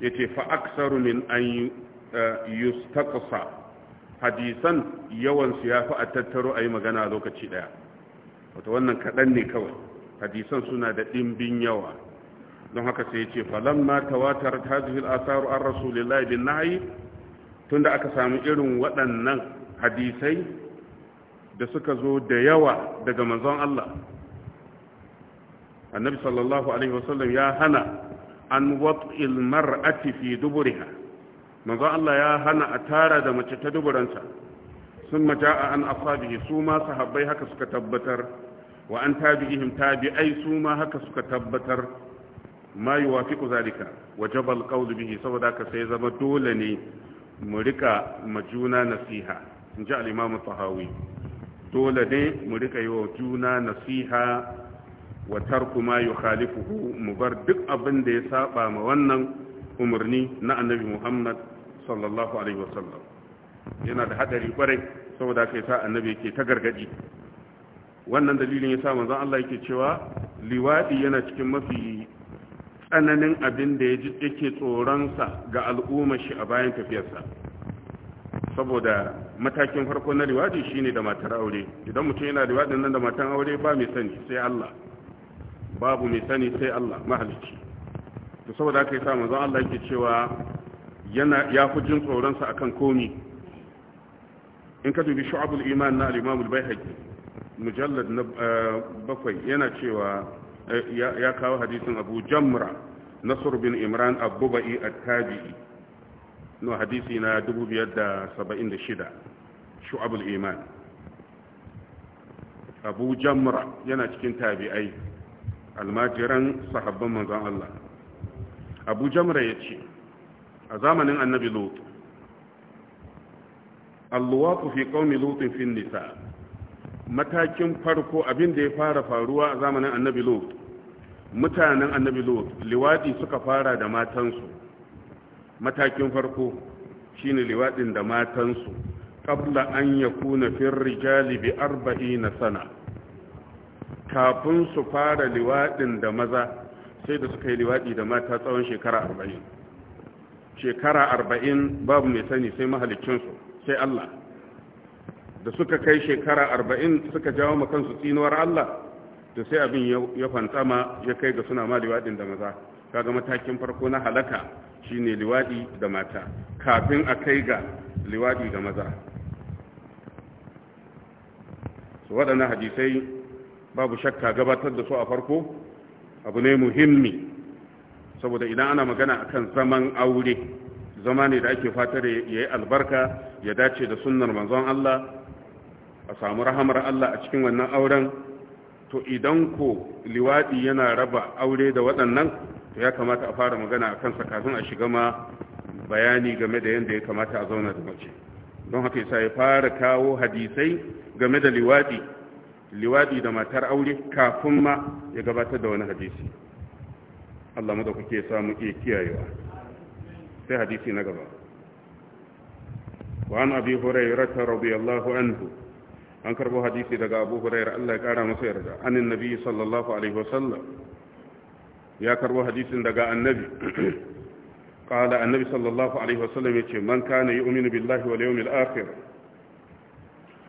yace fa aktsaru min an eh, yustaqsa hadisan yawan su yafi a tattaro ayi magana lokaci daya wato wannan kadan ne kawai hadisan suna da dimbin yawa don haka sai yace falamma tawatarat hadhihi al-atharu an rasulillahi bin nahi tunda aka samu irin waɗannan hadisai da suka zo da yawa daga manzon Allah annabi sallallahu alaihi wasallam ya hana an wat'il mar'ati fi duburiha manzo Allah ya hana a tara da mace ta duburanta sun maja'a an asabihi su ma sahabbai haka suka tabbatar wa an tabi'ihim tabi'ai su ma haka suka tabbatar ma yuwafiqu zalika wajaba alqawlu bihi saboda ka sai zama dole ne mu rika majuna nasiha in ji al-imam tahawi dole ne mu rika yi wa juna nasiha wa tarku ma yukhalifuhu mu bar duk abin da ya saba ma wannan umarni na annabi Muhammad sallallahu alaihi wasallam yana da hadari kwarai saboda kai sa annabi yake ta gargadi wannan dalilin yasa manzon Allah yake cewa liwadi yana cikin mafi tsananin abin da yake tsoron sa ga al'ummar shi a bayan tafiyarsa saboda matakin farko na liwadi shine da matar aure idan mutum yana liwadin nan da matan aure ba mai sani sai Allah babu mai sani sai Allah mahalicci to saboda haka yasa manzon Allah yake cewa yana ya fi jin tsoron sa akan komi in ka dubi shu'abul iman na al-imam al-baihaqi mujallad na eh, bakwai yana cewa eh, ya kawo hadisin Abu Jamra Nasr bin Imran Abubai at-Tabi'i no hadisi na 576 shu'abul iman abu jamra yana cikin tabi'ai almajiran sahabban manzan Allah abu jamra ya ce a zamanin annabi lutu alluwatu fi qaumi lutin fi nisa matakin farko abin da ya fara faruwa a zamanin annabi lutu mutanen annabi lutu liwadi suka fara da matansu matakin farko shine liwadin da matansu qabla an yakuna fi rijali bi 40 sana kafin su fara liwaɗin da maza sai da suka yi liwaɗi da mata tsawon shekara arba'in shekara arba'in babu mai sani sai mahalicinsu sai Allah da suka kai shekara arba'in suka jawo ma kansu tsinuwar Allah to sai abin ya fantsama ya kai ga suna ma liwaɗin da maza kaga matakin farko na halaka shine liwaɗi da mata kafin a kai ga liwaɗi da maza waɗannan hadisai babu shakka gabatar da su a farko abu ne muhimmi saboda idan ana magana akan zaman aure zama ne da ake fatar ya yi albarka ya dace da sunnar manzon Allah a samu rahamar Allah a cikin wannan auren to idan ko liwaɗi yana raba aure da waɗannan to ya kamata a fara magana a kansa kafin a shiga ma bayani game da yadda ya kamata a zauna da mace don haka yasa ya fara kawo hadisai game da liwaɗi liwadi da matar aure kafin ma ya gabatar da wani hadisi Allah madaukake kuke samu iya kiyayewa sai hadisi na gaba wa an abi hurairah radiyallahu anhu an karbo hadisi daga abu hurairah Allah ya kara masa yarda anin nabi sallallahu alaihi wasallam ya karbo hadisin daga annabi قال النبي صلى الله عليه وسلم يقول من كان يؤمن بالله واليوم الآخر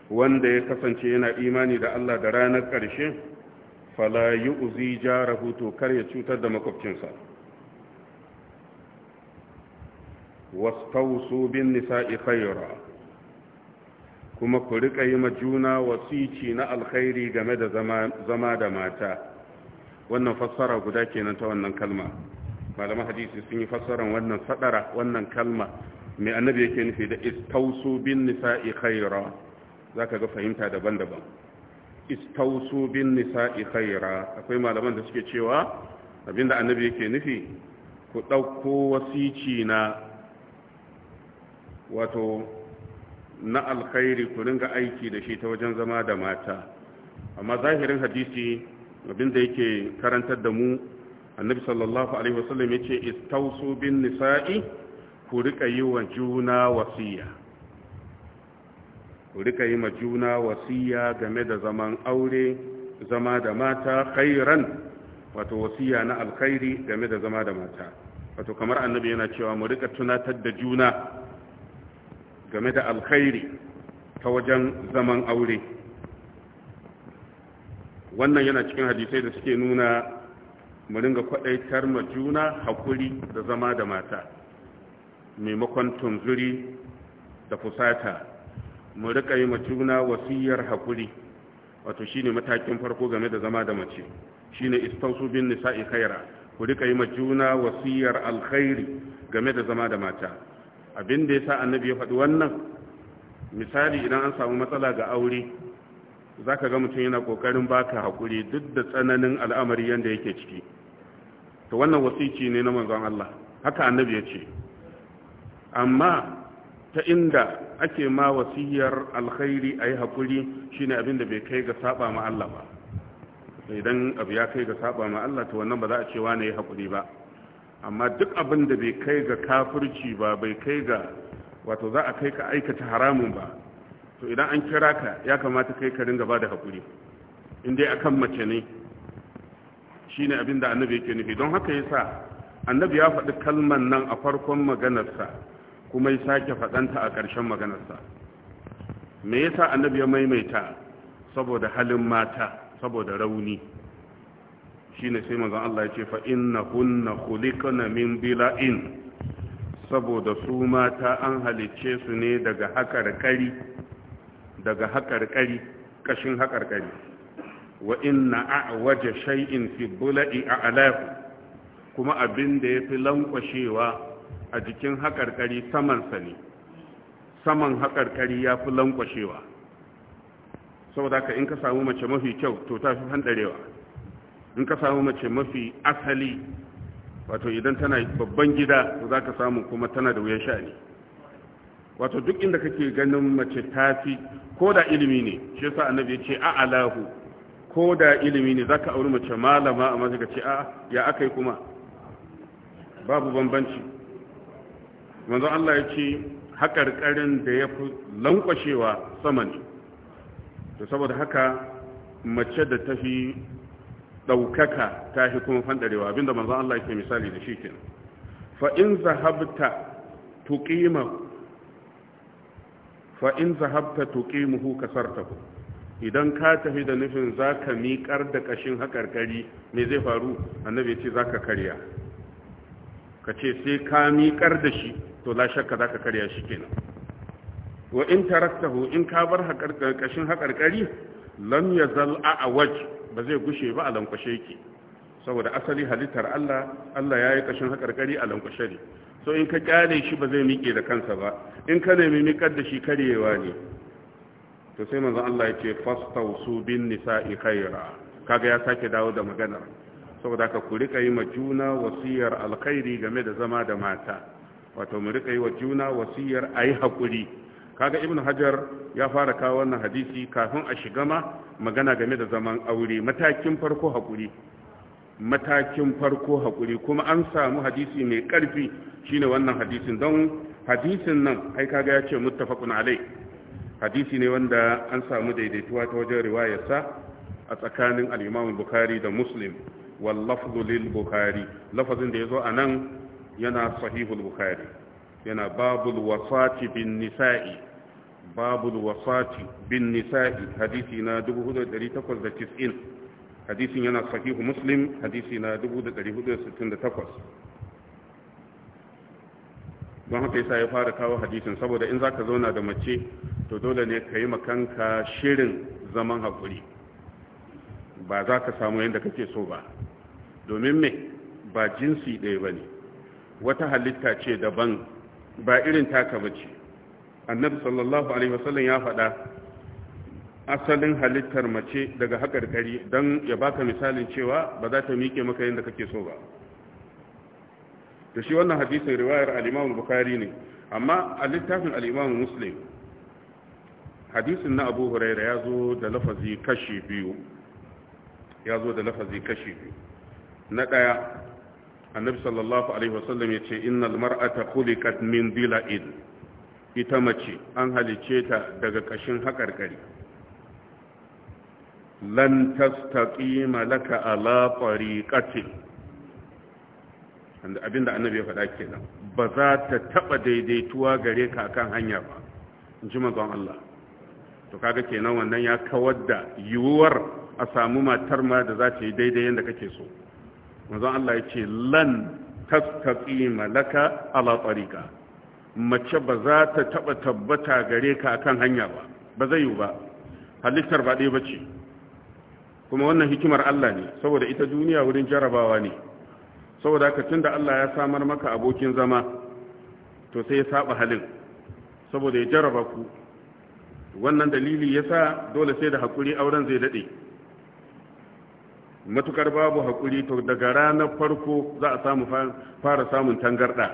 wanda ya kasance yana imani da Allah da ranar ƙarshe fala uzi jarahu rahoto kar ya cutar da makwabcinsa Wasu bin nisa'i khayra kuma ku riƙa yi ma juna wasici na alkhairi game da zama da mata wannan fassara guda kenan ta wannan kalma malaman hadisi sun yi fassaran wannan sadara wannan kalma mai annabi yake nufi da istausu bin nisa'i khayra za ka ga fahimta daban-daban istausu bin nisa'i khaira akwai malaman da suke cewa abinda annabi yake nufi ku ɗauko wasici na wato na alkhairi ku ringa aiki da shi ta wajen zama da mata amma zahirin hadisi abinda yake karantar da mu annabi sallallahu alaihi wasallam yace istausu bin nisa'i ku riƙa yi wa juna wasiya ku rika yi ma juna wasiya game da zaman aure zama da mata khairan wato wasiya na alkhairi game da zama da mata wato kamar annabi yana cewa mu rika tunatar da juna game da alkhairi ta wajen zaman aure wannan yana cikin hadisai da suke nuna mu ringa kwadaitar ma juna hakuri da zama da mata maimakon tunzuri da fusata mu rika yi ma juna wasiyar hakuri wato shine matakin farko game da zama da mace shine istausu bin nisa'i khaira ku rika yi ma juna wasiyar alkhairi game da zama da mata abin da yasa annabi ya faɗi wannan misali idan an samu matsala ga aure zaka ga mutum yana kokarin baka hakuri duk da tsananin al'amari yanda yake ciki to wannan wasici ne na manzon Allah haka annabi ya ce amma ta inda ake ma wasiyar alkhairi a yi haƙuri shi ne abinda bai kai ga saba ma Allah ba idan abu ya kai ga saba ma Allah ta wannan ba za a ce wane ya haƙuri ba amma duk abin da bai kai ga kafirci ba bai kai ga wato za a kai ka aikata haramun ba to idan an kira ka ya kamata kai ka ringa ba da haƙuri in dai akan mace ne shine abin da annabi yake nufi don haka yasa annabi ya faɗi kalman nan a farkon maganarsa kuma ya sake faɗanta a ƙarshen maganarsa me yasa annabi ya maimaita saboda halin mata saboda rauni shine sai manzon Allah ya ce fa innahunna khuliqna min bila'in saboda su mata an halicce su ne daga kari daga haƙarƙari hakar kari wa inna a'waja shay'in fi bula'i a'lafu kuma abin da yafi lankwashewa a jikin haƙarƙari samansa ne saman haƙarƙari ya fi lankwashewa saboda ka in ka samu mace mafi kyau to ta fi hanɗarewa in ka samu mace mafi asali wato idan tana babban gida to za ka samu kuma tana da wuyan sha'ani wato duk inda kake ganin mace ta fi ko da ilimi ne shi yasa annabi ya ce a alahu ko da ilimi ne za ka auri mace malama amma zai ka ce a ya aka yi kuma babu bambanci manzo Allah ya ce haƙarƙarin da ya fi lankwashewa sama ne to saboda haka mace da ta fi ɗaukaka ta fi kuma fandarewa abinda manzo Allah yake misali da shi ke fa in zahabta tuqima fa in zahabta tuqimuhu kasartahu idan ka tafi da nufin zaka miƙar da ƙashin haƙarƙari me zai faru annabi ya ce zaka karya ka ce sai ka miƙar da shi to la shakka za ka karya shi kenan wa in taraktahu in ka bar ƙarƙashin haƙarƙari lam ya zal a'awaj ba zai gushe ba a lankwashe yake saboda asali halittar Allah Allah ya yi kashin haƙarƙari a lankwashe ne so in ka ƙyale shi ba zai miƙe da kansa ba in ka nemi miƙar da shi karyewa ne to sai manzon Allah ya ce fastausu bin nisa'i khaira kaga ya sake dawo da maganar saboda ka ku rika yi ma juna wasiyar alkhairi game da zama da mata wato mu rika yi wa juna wasiyar ayi hakuri kaga ibnu hajar ya fara kawo wannan hadisi kafin a shiga ma magana game da zaman aure matakin farko hakuri matakin farko hakuri kuma an samu hadisi mai ƙarfi shine wannan hadisin don hadisin nan ai kaga ya ce muttafaqun alai hadisi ne wanda an samu daidaituwa ta wajen sa a tsakanin al-Imam Bukhari da Muslim wal lafzu lil Bukhari lafazin da yazo anan yana sahihul bukhari yana babul wasati bin nisa'i babul wasati bin nisa'i hadisi na 4890 hadisin yana sahihu muslim hadisi na 4468 don haka yasa ya fara kawo hadisin saboda in zaka zauna da mace to dole ne ka yi makanka shirin zaman haƙuri ba za ka samu yadda kake so ba domin me ba jinsi ɗaya ba ne wata halitta ce daban ba irin taka bace annabi sallallahu alaihi wasallam ya faɗa asalin halittar mace daga haƙarƙari don ya baka misalin cewa ba za ta miƙe maka yadda kake so ba da shi wannan hadisin riwayar al-Imam Bukhari ne amma a littafin al-Imam Muslim hadisin na Abu Huraira ya zo da lafazi kashi biyu ya zo da lafazi kashi biyu na ɗaya annabi sallallahu alaihi wasallam ya ce innal mar'ata khuliqat min dila'in ita mace an halice ta daga kashin hakarkari lan tastaqima laka ala tariqatin and abinda annabi ya faɗa kenan ba za ta taba daidaituwa gare ka akan hanya ba in ji manzon Allah to kaga kenan wannan ya kawar da yiwuwar a samu matar ma da za ta yi daidai yanda kake so manzon Allah ya ce lan taskaki malaka ala tariqa mace ba za ta taba tabbata gare ka akan hanya ba ba zai yi ba halittar ba dai bace kuma wannan hikimar Allah ne saboda ita duniya wurin jarabawa ne saboda ka da Allah ya samar maka abokin zama to sai ya saba halin saboda ya jaraba ku wannan dalili yasa dole sai da haƙuri auren zai dade matukar babu haƙuri to daga ranar farko za a samu fara samun tangarɗa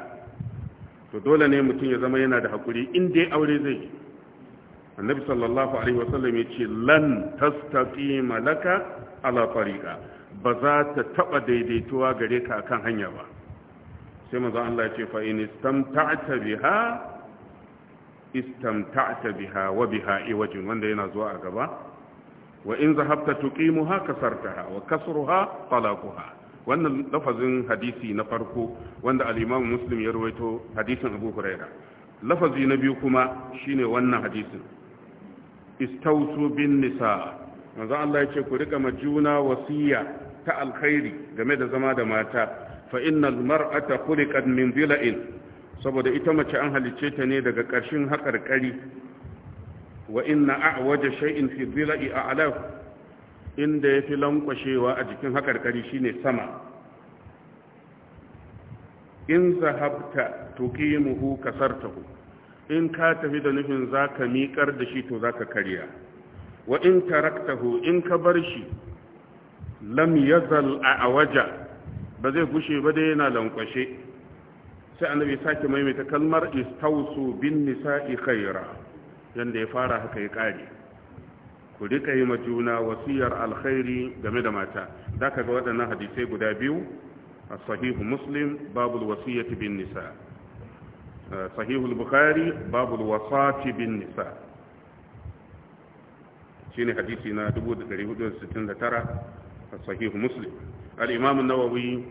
to dole ne mutum ya zama yana da haƙuri in dai aure zai yi annabi sallallahu alaihi wasallam ya ce lan tastaqima laka ala tariqa ba za ta taba daidaituwa gare ka akan hanya ba sai manzo Allah ya ce fa in istamta'ta biha istamta'ta biha wa biha iwajin wanda yana zuwa a gaba wa in zahabta tuqimuha kasartaha wa kasruha talaquha wannan lafazin hadisi na farko wanda al-Imam Muslim ya rawaito hadisin Abu Huraira lafazi na biyu kuma shine wannan hadisin istausu bin nisa manzo Allah yace ku rika majuna wasiya ta alkhairi game da zama da mata fa innal mar'ata khuliqat min dhila'in saboda ita mace an halicce ta ne daga ƙarshen haƙarƙari wa inna a'waja shay'in fi a a'laf inda yafi lankwashewa a jikin shi shine sama in zahabta tuqimuhu kasartahu in ka tafi da nufin zaka miƙar da shi to ka karya wa in taraktahu in ka bar shi lam yazal a'waja ba zai gushe ba dai yana lankwashe sai annabi sake maimaita kalmar istausu bin nisa'i khaira yanda ya fara haka ya kare ku rika yi ma juna wasiyar alkhairi game da mata da ka ga waɗannan hadisai guda biyu a sahihu muslim babul wasiyyati bin nisa sahihul bukhari babul wasati bin nisa shine hadisi na 1469 a sahihu muslim al-imam an-nawawi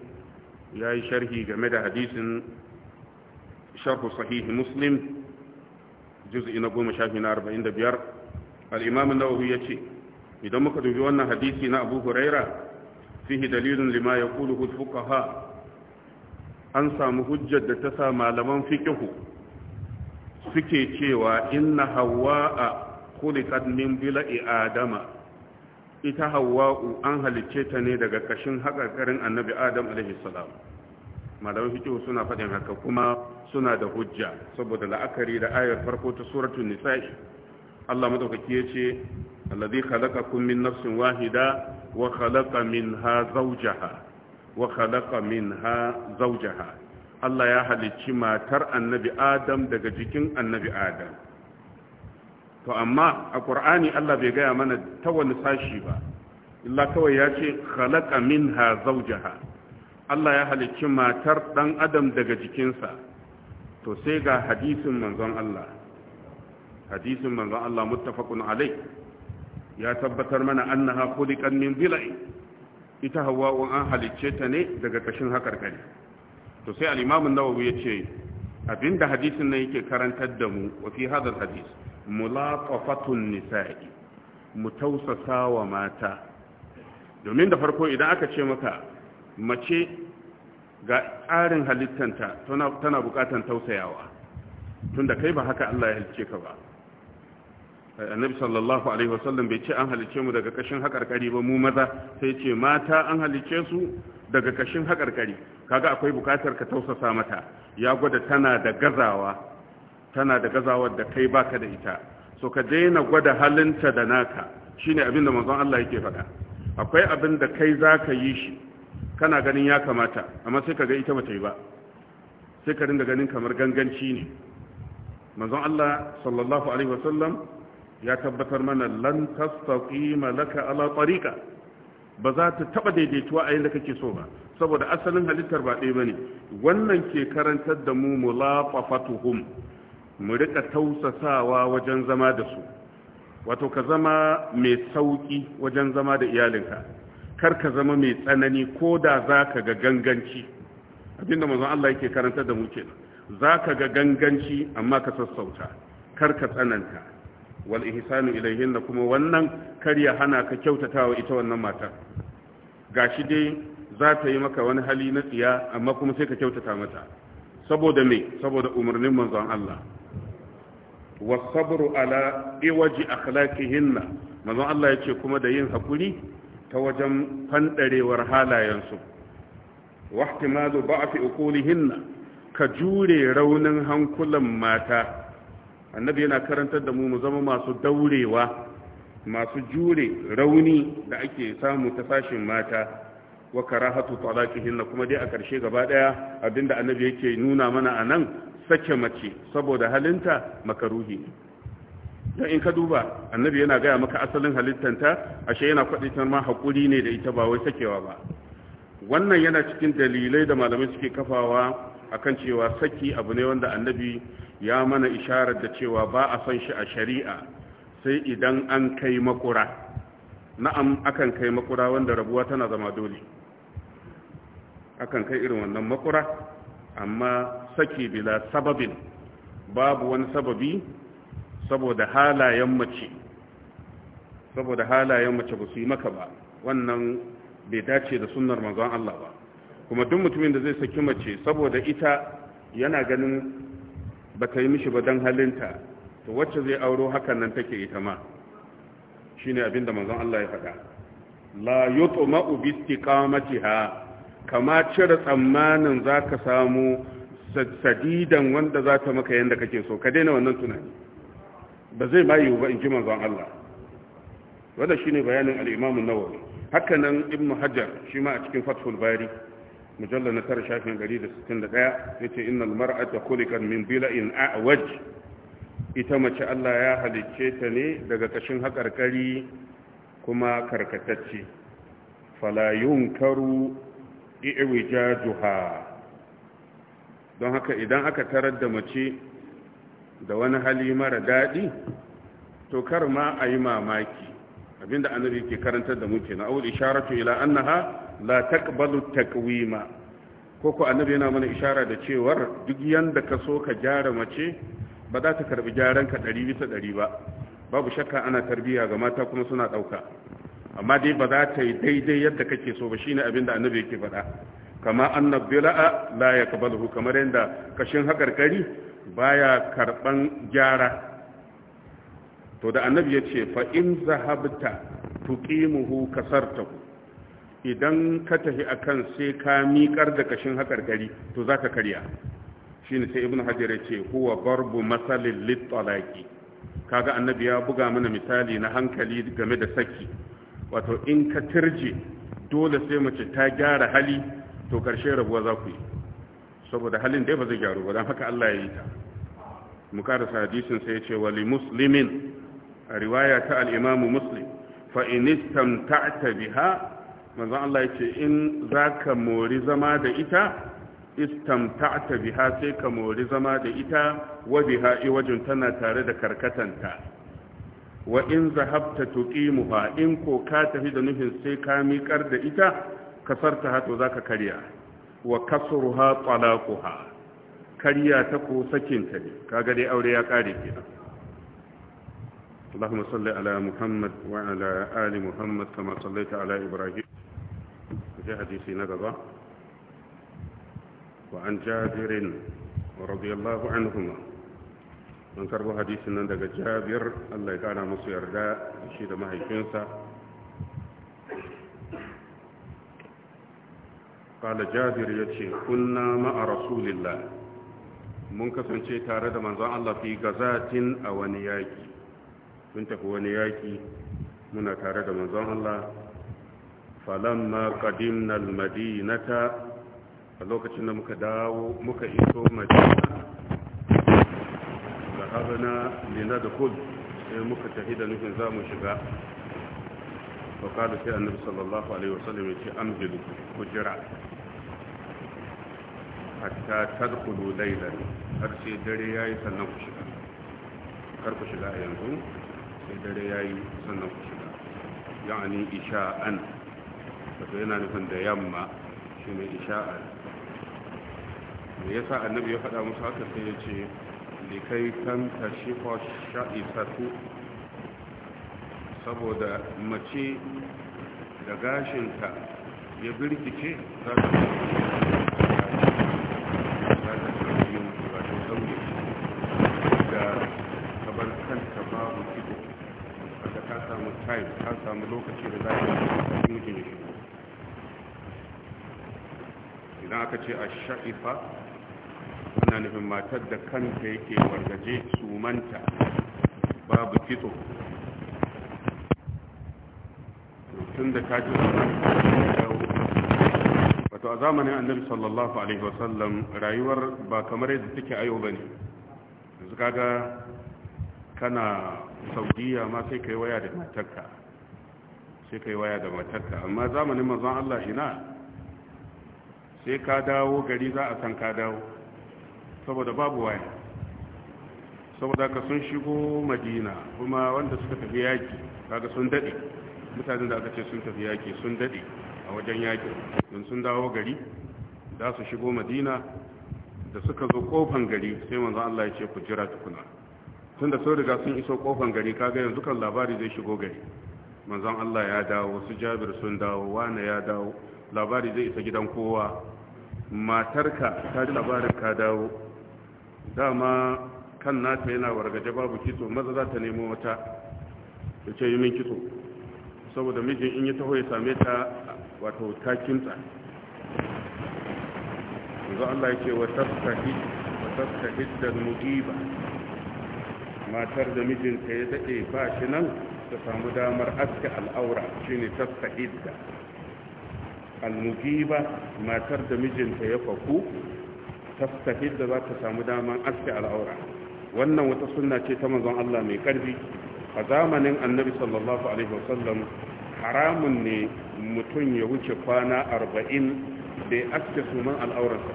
yayi sharhi game da hadisin sharh sahih muslim juz'i na goma shafi na arba'in da biyar al'imamin nawawi ya ce idan muka dubi wannan hadisi na abu huraira fihi dalilin lima ya kulu fuqaha an samu hujjar da ta sa malaman fikihu suke cewa inna a kulikat min bila'i adama ita hawa'u an halicce ta ne daga kashin haƙarƙarin annabi adam alaihi malamin fiqh suna faɗin haka kuma suna da hujja saboda la'akari da ayar farko ta suratu nisa'i Allah madaukaki yace alladhi khalaqakum min nafsin wahida wa khalaqa minha zawjaha wa khalaqa minha zawjaha Allah ya halicci matar annabi Adam daga jikin annabi Adam to amma a Qur'ani Allah bai gaya mana ta wani sashi ba illa kawai ya ce khalaqa minha zawjaha Allah ya halicci matar ɗan adam daga jikinsa to sai ga hadisin manzon Allah hadisin manzon Allah muttafaqun alai ya tabbatar mana annaha khuliqan min bila'i ita hawa'u an halicce ta ne daga kashin hakarkari to sai al-imam an-nawawi yace abinda hadisin nan yake karantar da mu wa fi hadal hadis mulaqafatun nisa'i mutausasa wa mata domin da farko idan aka ce maka mace ga tsarin halittanta tana bukatan tausayawa Tun da kai ba haka Allah ya halice ka ba annabi sallallahu alaihi wasallam bai ce an halice mu daga kashin haƙarƙari ba mu maza sai ce mata an halice su daga kashin haƙarƙari kaga akwai bukatar ka tausasa mata ya gwada tana da gazawa tana da gazawar da kai baka da ita so ka daina gwada halinta da naka shine abin da manzon Allah yake faɗa akwai abinda da kai zaka yi shi kana ganin ya kamata amma sai ka ga ita bata yi ba sai ka ringa ganin kamar ganganci ne manzon Allah sallallahu alaihi wasallam ya tabbatar mana lan tastaqima laka ala tariqa ba za ta taba daidaituwa a yadda kake so ba saboda asalin halittar ba ɗaya bane wannan ke karantar da mu mulaqafatuhum mu rika tausasawa wajen zama da su wato ka zama mai sauki wajen zama da iyalinka kar ka zama mai tsanani ko da za ka ga ganganci abinda mazan Allah yake karanta da muke za ka ga ganganci amma ka sassauta karka ka tsananta wal ihsanu da kuma wannan kar hana ka kyautatawa ita wannan mata gashi dai za ta yi maka wani hali na tsiya amma kuma sai ka kyautata mata saboda me saboda umarnin manzon Allah wasabru ala iwaji akhlaqihinna manzon Allah yace kuma da yin hakuri ta wajen fanɗarewar halayensu wahtimalu ba'fi uqulihinna ka jure raunin hankulan mata annabi yana karantar da mu mu zama masu daurewa masu jure rauni da ake samu ta fashin mata wa karahatu talaqihinna kuma dai a karshe gaba daya abinda annabi yake nuna mana anan sake mace saboda halinta makaruhi ne don in ka duba annabi yana gaya maka asalin halittanta ashe yana kwaɗitar ma hakuri ne da ita ba wai sakewa ba wannan yana cikin dalilai da malamai suke kafawa akan cewa saki abu ne wanda annabi ya mana isharar da cewa ba a son shi a shari'a sai idan an kai makura na'am akan kai makura wanda rabuwa tana zama dole akan kai irin wannan makura amma saki bila sababin babu wani sababi saboda halayen mace saboda halayen mace ba su yi maka ba wannan bai dace da sunnar manzon Allah ba kuma duk mutumin da zai saki mace saboda ita yana ganin ba ta yi mishi ba don halinta to wacce zai auro hakan nan take ita ma shine abin da manzon Allah ya faɗa la yutma'u bi istiqamatiha kama cire tsammanin zaka samu sadidan wanda zata maka yanda kake so ka daina wannan tunani ba zai ma yiwu ba in ji manzon Allah wanda shine bayanin al-Imam an-Nawawi haka Ibn Hajar shi ma a cikin Fathul Bari mujalla na tara shafin 161 yace innal mar'ata khuliqat min bila'in a'waj ita mace Allah ya halicce ta ne daga kashin hakarkari kuma karkatacce fala yunkaru i'wijajuha don haka idan aka tarar da mace da wani hali mara daɗi to kar ma a yi mamaki abinda annabi ke karantar da muke na awul isharatu ila annaha la taqbalu taqwima koko annabi yana mana ishara da cewar duk yanda ka so ka gyara mace ba za ta karbi gyaran ka 100 bisa 100 ba babu shakka ana tarbiyya ga mata kuma suna dauka amma dai ba za ta yi daidai yadda kake so ba shine abinda annabi yake faɗa kama annabila la yaqbaluhu kamar yanda kashin hakarkari baya karban gyara to da annabi ya ce fa in zahabta tuqimuhu kasartahu idan ka tafi akan sai ka miƙar da kashin haƙarƙari to za ka karya shi ne sai ibn hajar ce huwa barbu masalin littalaki kaga annabi ya buga mana misali na hankali game da saki wato in ka turje dole sai mace ta gyara hali to ƙarshe rabuwa za ku yi saboda halin dai ba zai gyaru ba don haka Allah ya yi ta mu karasa hadisin sai ya ce wali muslimin a riwaya ta al'imamu muslim fa'inistam ta'ata biha manzan Allah yace, in za ka mori zama da ita istamta'ta biha sai ka mori zama da ita wa biha iwajin tana tare da karkatanta wa in zahabta tuqimuha in ko ka tafi da nufin sai ka miƙar da ita kasarta hato zaka karya wa kasruha talaquha kariya ta ko sakin ta ne kaga dai aure ya kare ki Allahumma salli ala Muhammad wa ala ali Muhammad kama sallaita ala Ibrahim ji hadisi na gaba wa an Jabir radiyallahu anhuma an karbo hadisin nan daga Jabir Allah ya kara masa yarda shi da mahaifinsa kala jabir ya ce kunna ma'a rasulillah mun kasance tare da manzon Allah fi gazatin a wani yaki mun tafi wani yaki muna tare da manzon Allah falamma qadimna almadinata a lokacin da muka dawo muka iso madina da habana sai muka tafi da nufin zamu shiga وقال في النبي صلى الله عليه وسلم في أمهل كجرة hatta tadkhulu laylan har sai dare yayi sannan ku shiga kar ku shiga yanzu sai dare yayi sannan ku shiga yani isha'an wato yana nufin da yamma shine isha'an me yasa annabi ya faɗa musu haka sai ya ce likai kan tashifa sha'isatu saboda mace da gashinta ya birkice za ta samu lokaci da a yi mutum idan aka ce a sha'ifa ana nufin matar da kanta yake wargaje sumanta babu fito tun da ta ji wato a zamanin annabi sallallahu alaihi wasallam rayuwar ba kamar yadda take a ba ne yanzu kaga kana saudiya ma sai ka yi waya da matarka sai kai waya da matarka amma zamanin manzon Allah ina sai ka dawo gari za a san ka dawo saboda babu waya saboda ka sun shigo madina kuma wanda suka tafi yaki kaga sun dade mutanen da aka ce sun tafi yaki sun dade a wajen yaki don sun dawo gari za su shigo madina da suka zo kofan gari sai manzon Allah ya ce ku jira tukuna tunda sun riga sun iso kofan gari kaga yanzu kan labari zai shigo gari manzon Allah ya dawo su jabir sun dawo wane ya dawo labari zai isa gidan kowa matarka ta ji labarin ka dawo dama kan nata yana wargaje babu kitso maza za ta nemo wata ta ce yi min kitso saboda mijin in yi taho ya same ta wato ta kimtsa yanzu Allah ya ce wa tafka hiddar mujiba matar da mijinta ya daɗe ba shi nan ta samu damar aske al'aura shine tasta idda almugiba matar da mijinta ya faku tasta idda za ta samu damar aske al'aura wannan wata sunna ce ta manzon Allah mai karfi a zamanin annabi sallallahu alaihi wasallam haramun ne mutum ya wuce kwana arba'in da ya aske suman al'aurarsa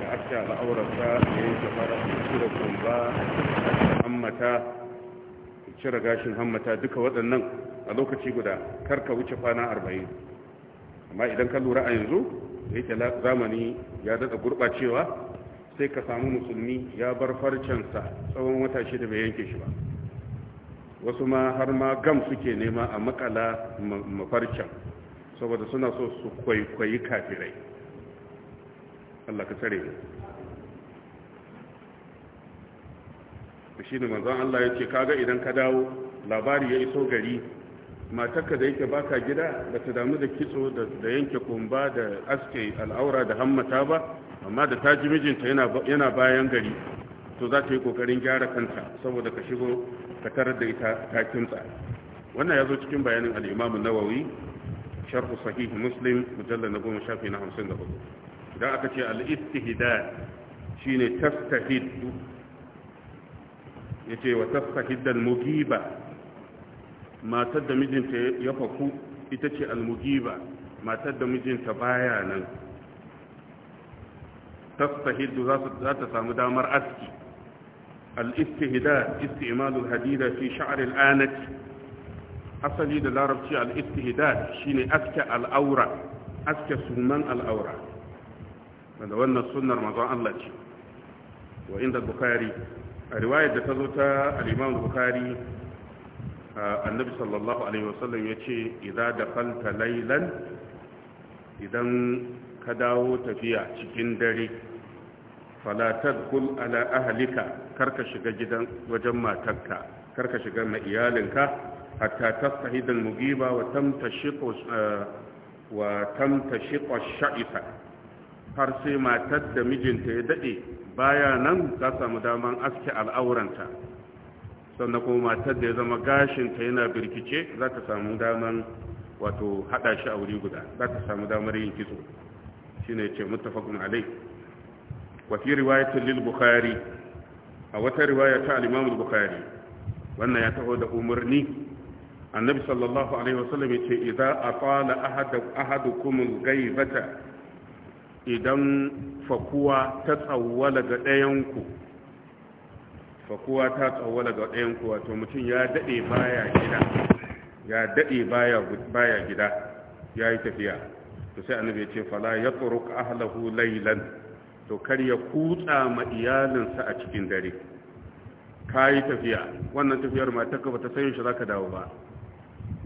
da aske al'aurarsa ya yanke fara da kumba da ammata cire gashin hammata duka waɗannan a lokaci guda kar ka wuce kwana arba'in amma idan ka lura a yanzu da yake zamani ya daɗa gurɓacewa sai ka samu musulmi ya bar farcensa tsawon wata da bai yanke shi ba wasu ma har ma gam suke nema a makala mafarcen saboda suna so su kwaikwayi kafirai Allah ka tsare da shi ne manzon Allah ya ce kaga idan ka dawo labari ya iso gari matarka da yake baka gida ba ta damu da kitso da yanke kumba da aske al'aura da hammata ba amma da ta ji mijinta yana bayan gari to za ta yi kokarin gyara kanta saboda ka shigo ka tarar da ita ta kimtsa wannan ya zo cikin bayanin al'imamu nawawi sharhu sahih muslim mujallar na goma shafi na hamsin da hudu idan aka ce al'istihidan shine tastahid ya ce wa tasahiddal mugiba matar da mijinta ya faku ita ce almugiba matar da mijinta baya nan tasahiddu za ta samu damar aski al-istihdad hadida fi sha'r al asali da larabci al-istihdad shine aske al aske sunan al'aura. wanda wannan sunnar mazan Allah wa inda bukhari a riwayar da ta zo ta al-imam annabi sallallahu alaihi wasallam yace idza dakhalta laylan idan ka dawo tafiya cikin dare fala kul ala ahalika karka shiga gidan wajen matarka karka shiga ma iyalinka hatta tastahid al-mugiba wa tamtashiq wa tamtashiq har sai matar da mijinta ya daɗe. baya nan ta samu daman aske al'auranta sannan kuma matar da ya zama gashinta yana birkice za ta samu daman wato hada shi a wuri guda za ta samu damar yin kitso shi ne ce mutafakun alai wafi riwayatun lil bukhari a wata riwaya ta alimamul bukhari wannan ya taho da umarni annabi sallallahu alaihi wasallam ya ce idan afala ahadukum ghaibata idan fakuwa ta tsawwala ga ɗayanku fakuwa ta tsawwala ga ɗayanku wato mutum ya daɗe baya gida ya daɗe baya gida ya yi tafiya to sai annabi ya ce fala ya tsoruk ahlahu laylan to kar ya kutsa ma iyalinsa a cikin dare ka yi tafiya wannan tafiyar ma ta ba ta sayin shi za ka dawo ba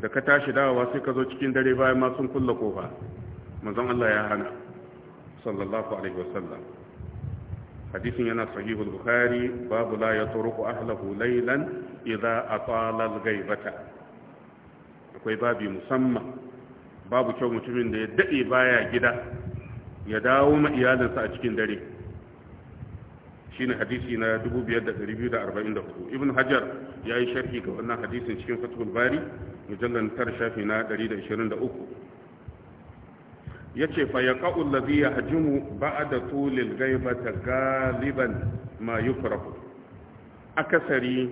da ka tashi dawowa sai ka zo cikin dare bayan ma sun kulla kofa manzon Allah ya hana hadisin yana sahihul bukhari babu la yatruku ahlahu laylan idza atala al-ghaibata akwai babi musamman babu kyau mutumin da ya dade baya gida ya dawo ma iyalinsa a cikin dare shine hadisi na 2244 ibn hajar yayi sharhi ga wannan hadisin cikin fathul bari mujallar tar shafi na ya ce fa ya ka'ul ladhi yahjumu ba'da tulil ghaibata galiban ma yukrahu akasari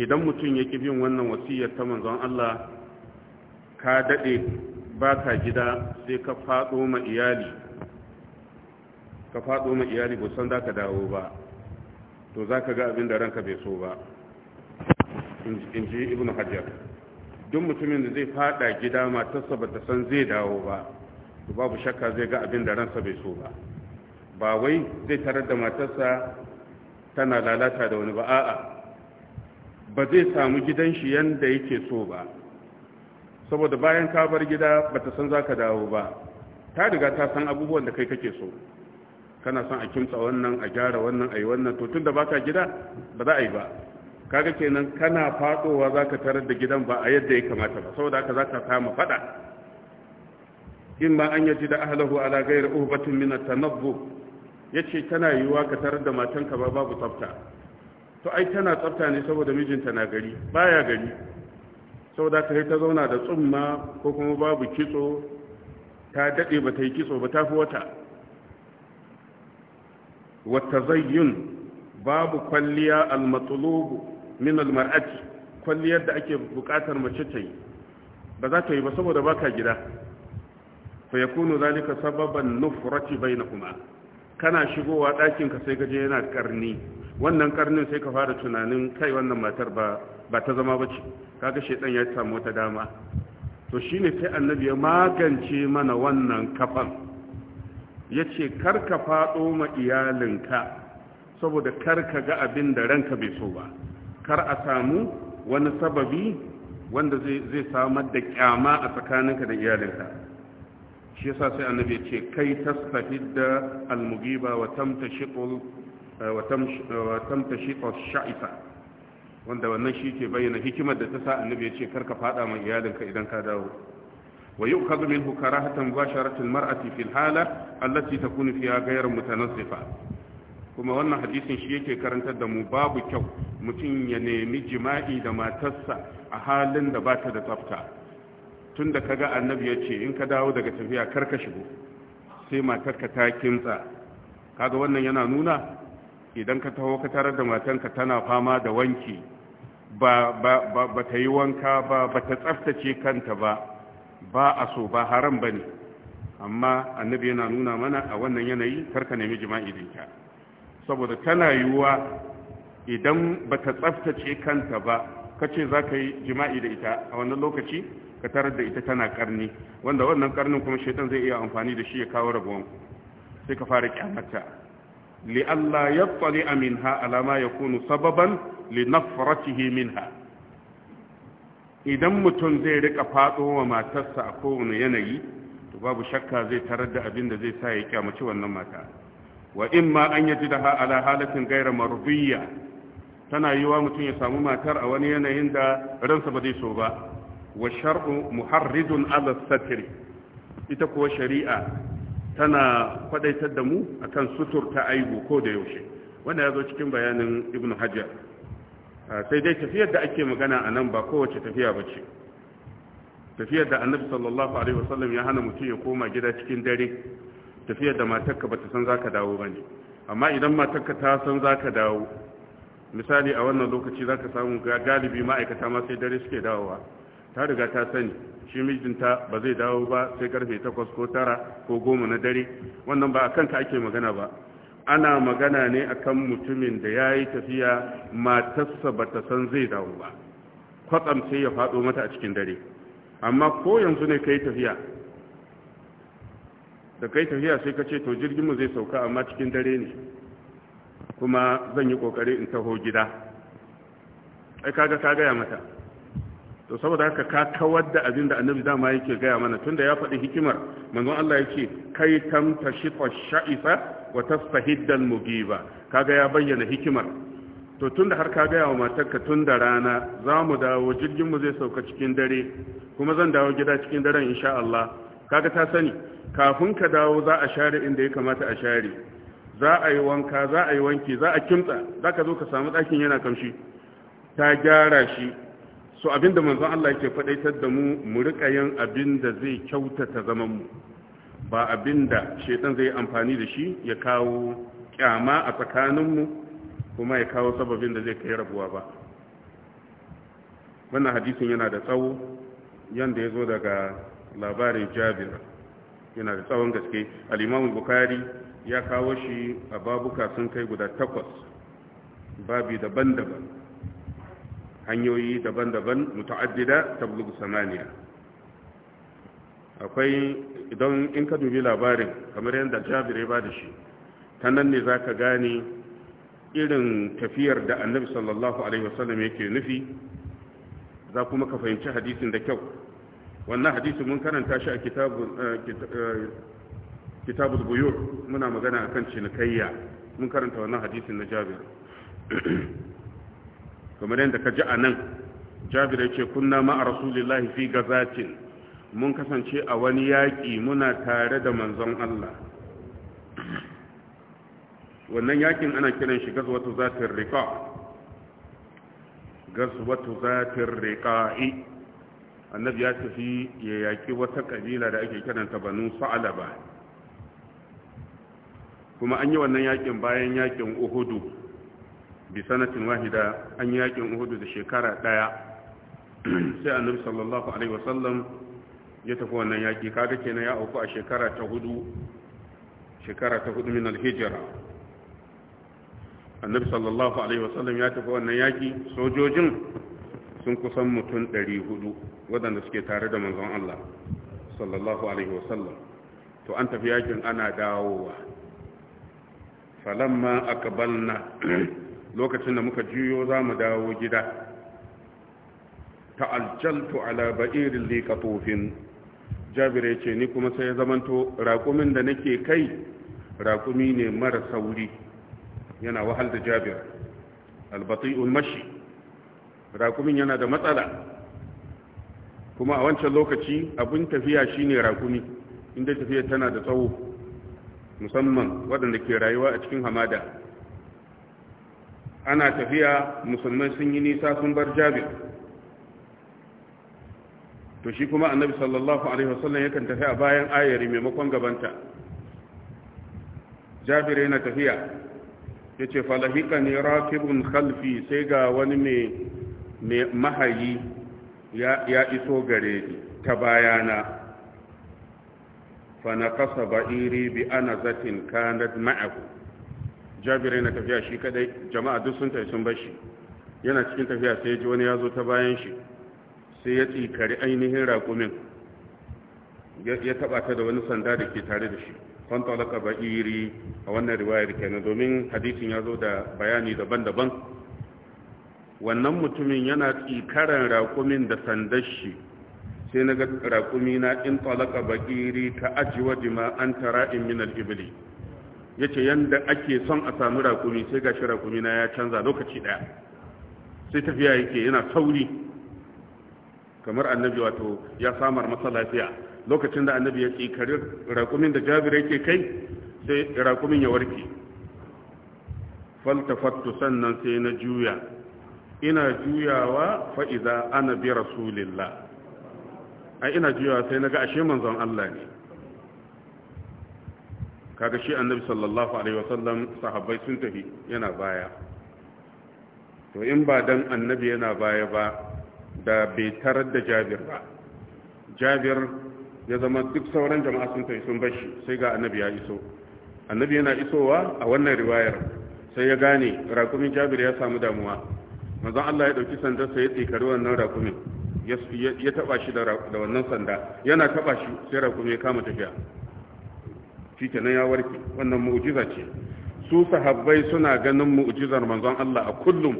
idan mutum ya bin wannan wasiyar ta manzon Allah ka dade ka gida sai ka fado ma iyali ka fado ma iyali ba san zaka dawo ba to zaka ga abin da ranka bai so ba in ji ibnu hajjar duk mutumin da zai fada gida matarsa ba ta san zai dawo ba to babu shakka zai ga abin da ransa bai so ba ba wai zai tarar da matarsa tana lalata da wani ba a'a ba zai samu gidan shi yanda yake so ba saboda bayan ka bar gida ta san zaka dawo ba ta riga ta san abubuwan da kai kake so kana son a kimtsa wannan a gyara wannan a yi wannan to tun da baka gida ba za a yi ba kaga kenan kana fadowa zaka tarar da gidan ba a yadda ya kamata ba saboda haka za ka kama fada imma an yaji da ahlahu ala ghairi uhbatin min at-tanabbu yace tana yiwa ka tarar da matanka ba babu tsafta to ai tana tsafta ne saboda mijinta na gari baya gari saboda ka yi ta zauna da tsumma ko kuma babu kitso ta dade ba ta yi kitso ba ta fi wata wata tazayyun babu kwalliya al-matlubu min al-mar'ati kwalliyar da ake bukatar mace ta yi ba za ta yi ba saboda baka gida fa yakunu zalika sababan nufrati bainakuma kana shigowa ɗakin ka sai kaje yana karni wannan karnin sai ka fara tunanin kai wannan matar ba ba ta zama bace kaga shedan ya samu wata dama to shine sai annabi ya magance mana wannan kafan yace kar ka fado ma iyalinka saboda kar ka ga abin da ranka bai so ba kar a samu wani sababi wanda zai samar da kyama a tsakaninka da iyalinka shi yasa sai annabi ce kai tastahidda almugiba wa tamtashiqul eh, eh, wa tamtashiqul sha'ifa wanda wannan shi ke bayyana hikimar da ta sa annabi ya ce karka fada ma iyalinka idan ka dawo wa yu'khadhu minhu karahatan mubasharati almar'ati fi alhala allati takunu fiha ghayr mutanassifa kuma wannan hadisin shi yake karantar da mu babu kyau mutum ya nemi jima'i da matarsa a halin da bata da tsafta tun da ga annabi ya ce in ka dawo daga tafiya karka shigo sai matarka ta kintsa kaga wannan yana nuna idan ka taho ka tarar da matanka tana fama da wanki ba ba ba, ba ta yi wanka ba ba ta tsaftace kanta ba ba a so ba haram ba ne amma annabi yana nuna mana a wannan yanayi karka nemi jima'i da ita saboda tana yiwuwa idan ba ta tsaftace kanta ba kace za ka yi jima'i da ita a wannan lokaci ka tarar da ita tana karni wanda wannan karnin kuma shaitan zai iya amfani da shi ya kawo rabon sai ka fara kyamata li Allah ya a minha alama ya kunu sababan li nafaratihi minha idan mutum zai rika fado wa matarsa a kowane yanayi to babu shakka zai tarar da abin da zai sa ya kyamaci wannan mata wa in ma an yaji da ha ala halatin gaira marbiya tana yiwa mutum ya samu matar a wani yanayin da ransa ba zai so ba wa shar'u muharridun ala satri ita kuwa shari'a tana kwadaitar da mu akan ta aibu ko da yaushe wanda ya zo cikin bayanin ibn hajar sai dai tafiyar da ake magana a nan ba kowace tafiya ba ce tafiyar da annabi sallallahu alaihi wasallam ya hana mutum ya koma gida cikin dare tafiyar da matarka bata san zaka dawo bane amma idan matarka ta san zaka dawo misali a wannan lokaci zaka samu galibi ma'aikata ma sai dare suke dawowa ta riga ta sani shi mijinta ba zai dawo ba sai karfe 8 ko tara ko goma na dare wannan ba a kanka ake magana ba ana magana ne akan mutumin da ya yi tafiya matarsa ba ta san zai dawo ba kwatsam sai ya faɗo mata a cikin dare amma ko yanzu ne ka yi tafiya da kai tafiya sai ka ce to jirginmu zai sauka amma cikin dare ne kuma zan yi kokari in taho gida ai kaga ka gaya mata to saboda haka ka kawar da abin da annabi dama yake gaya mana tunda ya faɗi hikimar manzon Allah yake kai tamta shifa sha'isa wa tastahiddal mugiba kaga ya bayyana hikimar to tunda har ka gaya wa matarka tun da rana za mu dawo jirgin mu zai sauka cikin dare kuma zan dawo gida cikin daren insha Allah kaga ta sani kafin ka dawo za a share inda ya kamata a share za a yi wanka za a yi wanki za a kimtsa za ka zo ka samu ɗakin yana kamshi ta gyara shi so abinda manzon Allah yake faɗaitar da mu mu rika yin abinda zai kyautata zaman mu ba abinda shedan zai amfani da shi ya kawo kyama a tsakanin mu kuma ya kawo sababin da zai kai rabuwa ba wannan hadisin yana da tsawo yanda yazo daga labarin Jabir yana da tsawon gaske al-Imam Bukhari ya kawo shi a babuka sun kai guda takwas babi daban-daban hanyoyi daban-daban muta'addida tablugu samaniya akwai idan in ka dubi labarin kamar yadda jabir ya bada shi ta nan ne zaka gane irin tafiyar da annabi sallallahu alaihi wasallam yake nufi za kuma ka fahimci hadisin da kyau wannan hadisin mun karanta shi a kitabul buyur muna magana akan cinikayya mun karanta wannan hadisin na jabir kamar yadda ka ji a nan jabir ce kunna ma'a rasulillahi fi gazatin mun kasance a wani yaƙi muna tare da manzon Allah wannan yaƙin ana kiran shi wata zatin riƙa wata zatin riƙa'i annabi ya tafi ya yaƙi wata ƙabila da ake kiranta banu sa'alaba kuma an yi wannan yaƙin bayan yaƙin uhudu bi sanatin wahida an yakin uhudu da shekara daya sai annabi sallallahu alaihi wasallam ya tafi wannan yaki kaga kenan ya auku a shekara ta hudu shekara ta hudu min alhijra annabi sallallahu alaihi wasallam ya tafi wannan yaki sojojin sun kusan mutum 400 waɗanda suke tare da manzon Allah sallallahu alaihi wasallam to an tafi yakin ana dawowa falamma akbalna lokacin da muka juyo za mu dawo gida ta'ajjaltu ala ba'irin liqatufin jabir ya ce ni kuma sai ya zamanto raƙumin da nake kai raƙumi ne mara sauri yana wahal da jabir albati'ul mashi raƙumin yana da matsala kuma a wancan lokaci abin tafiya shine raƙumi inda tafiya tana da tsawo musamman waɗanda ke rayuwa a cikin hamada ana tafiya musulmai sun yi nisa sun bar jabir to shi kuma annabi sallallahu alaihi wasallam yakan tafi a bayan ayari maimakon gabanta jabir yana tafiya ya ce falahika ne rakibun khalfi sai ga wani mai mahayi ya iso gare ta bayana fa na kasa ba'iri bi ana zatin kanad ma'ahu jabirai na tafiya shi kadai jama'a duk sun tafi sun bashi yana cikin tafiya sai ji wani ya zo ta bayan shi sai ya tsikari ainihin raƙumin ya taba ta da wani sanda da ke tare da shi kwanta alaka ba'iri a wannan riwayar kenan domin hadisin ya zo da bayani daban-daban wannan mutumin yana tsikaran raƙumin da sandar shi sai na ga rakumi na in talaka ba'iri ka ajiwa jima'an tara'in min al-ibli ya ce yadda ake son a sami rakumi sai gashi rakumi na ya canza lokaci daya sai tafiya yake yana sauri kamar annabi wato ya samar masa lafiya lokacin da annabi ya kari rakumin da jabir yake kai sai rakumin ya warke faltafattu sannan sai na juya ina juyawa fa'iza ana bi rasulillah ai ina juyawa sai na ga ashe manzon Allah ne kaga shi annabi sallallahu alaihi wasallam sahabbai sun tafi yana baya to in ba dan annabi yana baya ba da bai tarar da jabir ba jabir ya zama duk sauran jama'a sun tafi sun shi sai ga annabi ya iso annabi yana isowa a wannan riwayar sai ya gane rakumin jabir ya samu damuwa manzon Allah ya dauki sanda sai ya tsikari wannan rakumin ya taba shi da wannan sanda yana taba shi sai rakumin ya kama tafiya nan ya warke wannan mu'jiza ce su sahabbai suna ganin mu'jizar manzon Allah a kullum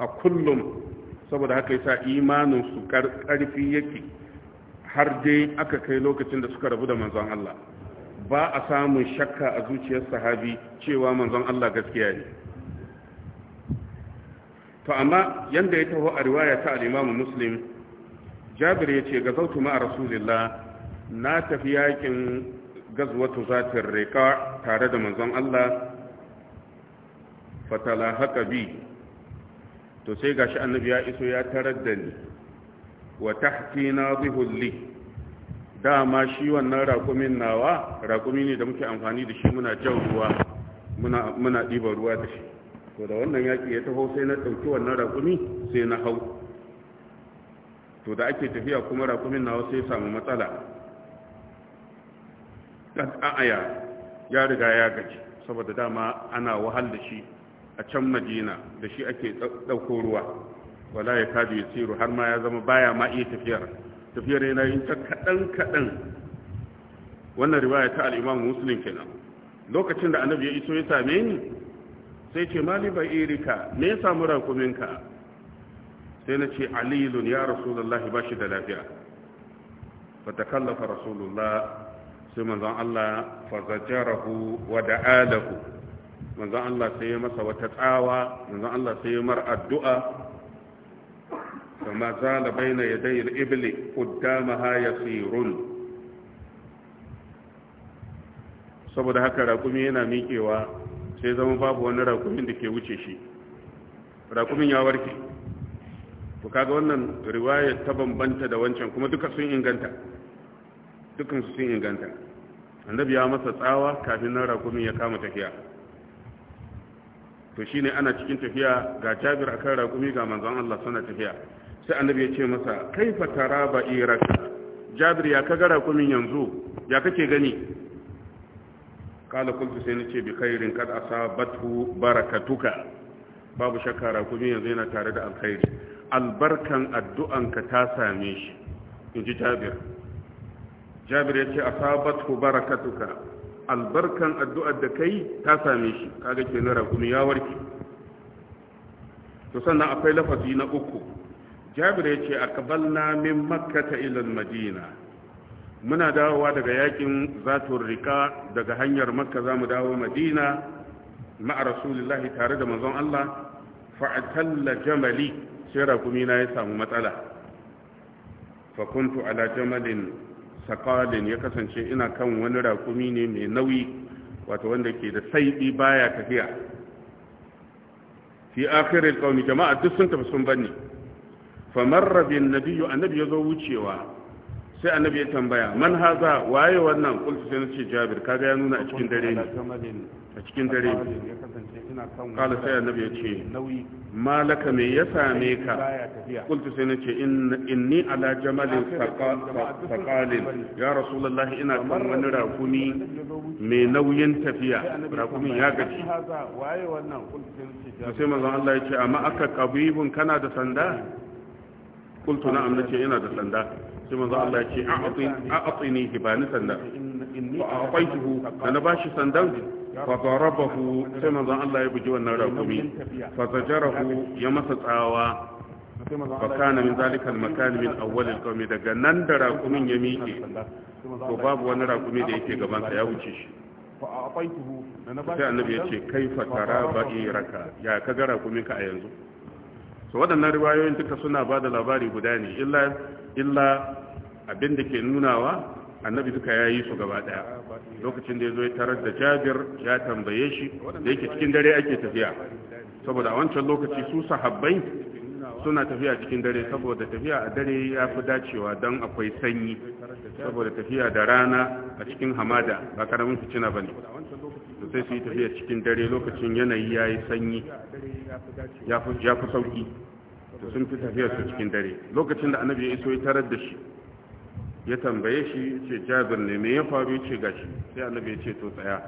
a kullum saboda haka yasa imanin su karfi yake har dai aka kai lokacin da suka rabu da manzon Allah ba a samun shakka a zuciyar sahabi cewa manzon Allah gaskiya ne to amma yanda ya taho a riwaya ta al-Imam Muslim Jabir yace ga zautu ma Rasulullah na tafi yakin gazwatu zatin riqa tare da manzon Allah fatala haka bi to sai gashi annabi ya iso ya tarar da ni wa tahti nadhihul li dama shi wannan raƙumin nawa raƙumi ne da muke amfani da shi muna jan ruwa muna muna ɗiba ruwa da shi to da wannan yaƙi ya taho sai na ɗauki wannan raƙumi sai na hau to da ake tafiya kuma raƙumin nawa sai samu matsala kan a'aya ya riga ya gaji saboda dama ana wahal da shi a can madina da shi ake ɗauko ruwa wala ya kaji ya tsiro har ma ya zama baya ma iya tafiyar tafiyar yana yin ta kaɗan kaɗan wannan riwaya ta alimam musulun kenan lokacin da annabi ya iso ya same ni sai ce mali ba irika me ya samu rakuminka sai na ce alilun ya rasulullahi ba shi da lafiya fatakallafa rasulullah sai manzon Allah fazajarahu wa da'alahu manzon Allah sai ya masa wata tsawa manzon Allah sai ya mar addu'a kama zala baina yaday al-ibli qaddamaha yasirun saboda haka rakumi yana miƙewa sai zama babu wani rakumin da ke wuce shi rakumin ya warke to kaga wannan riwayar ta bambanta da wancan kuma duka sun inganta dukansu sun inganta annabi ya masa tsawa kafin nan rakumin ya kama tafiya to shine ana cikin tafiya ga jabir akan rakumi ga manzon Allah Sana tafiya sai annabi ya ce masa kaifa tara ba'iraka jabir ya kaga rakumin yanzu ya kake gani kala kultu sai nace bi khairin kad asabathu barakatuka babu shakka rakumi yanzu yana tare da alkhairi albarkan addu'anka ta same shi inji jabir jabir ya ce asabatku barakatuka albarkan addu'ar da kai ta same shi kaga kenan rakumi ya warke to sannan akwai lafazi na uku jabir ya ce aqbalna min makkata ila madina muna dawowa daga yakin zatun rika daga hanyar makka zamu dawo madina ma'a rasulullahi tare da manzon Allah fa'atalla jamali sai rakumi na ya samu matsala fa kuntu ala jamalin sakalin ya kasance ina kan wani rakumi ne mai nauyi wato wanda ke da saiɗi baya tafiya fi akhirin kauni jama'a duk sun tafi sun banni famarra bin nabiyu annabi ya zo wucewa sai annabi ya tambaya man haza waye wannan kulta sai na ce jabir kaga ya nuna a cikin dare ne a cikin dare kala sai annabi ya ce malaka me ya same ka kultu sai na ce inni ala jamalin saqalin ya rasulullahi ina kan wani rakumi mai nauyin tafiya rakumin ya gaji sai manzon Allah ya ce amma aka kabibun kana da sanda kultu na'am nace ina da sanda sai manzo Allah ya ce a'atini ba ni sanda A fa a'ataytuhu ana bashi sandan fa darabahu sai mazan Allah ya buji wannan rakumi fa zajarahu ya masa tsawa fa kana min zalika al-makan min awwal al-qawmi daga nan da rakumin ya miƙe to babu wani rakumi da yake gaban sa ya wuce shi sai annabi ya ce kai kaifa tara ba'iraka ya kaga rakumin ka a yanzu so waɗannan riwayoyin duka suna ba da labari guda ne illa abin da ke nunawa annabi duka ya yi su gaba daya lokacin da ya zo ya tarar da jabir ya tambaye shi da yake cikin dare ake tafiya saboda a wancan lokaci su sahabbai suna tafiya cikin dare saboda tafiya a dare ya fi dacewa don akwai sanyi saboda tafiya da rana a cikin hamada ba karamin fitina ba ne sai su yi tafiya cikin dare lokacin yanayi ya yi sanyi ya fi sauki sun fi tafiya su cikin dare lokacin da annabi ya iso ya tarar da shi ya tambaye shi ce jabir ne me ya faru ce gashi sai annabi ya ce to tsaya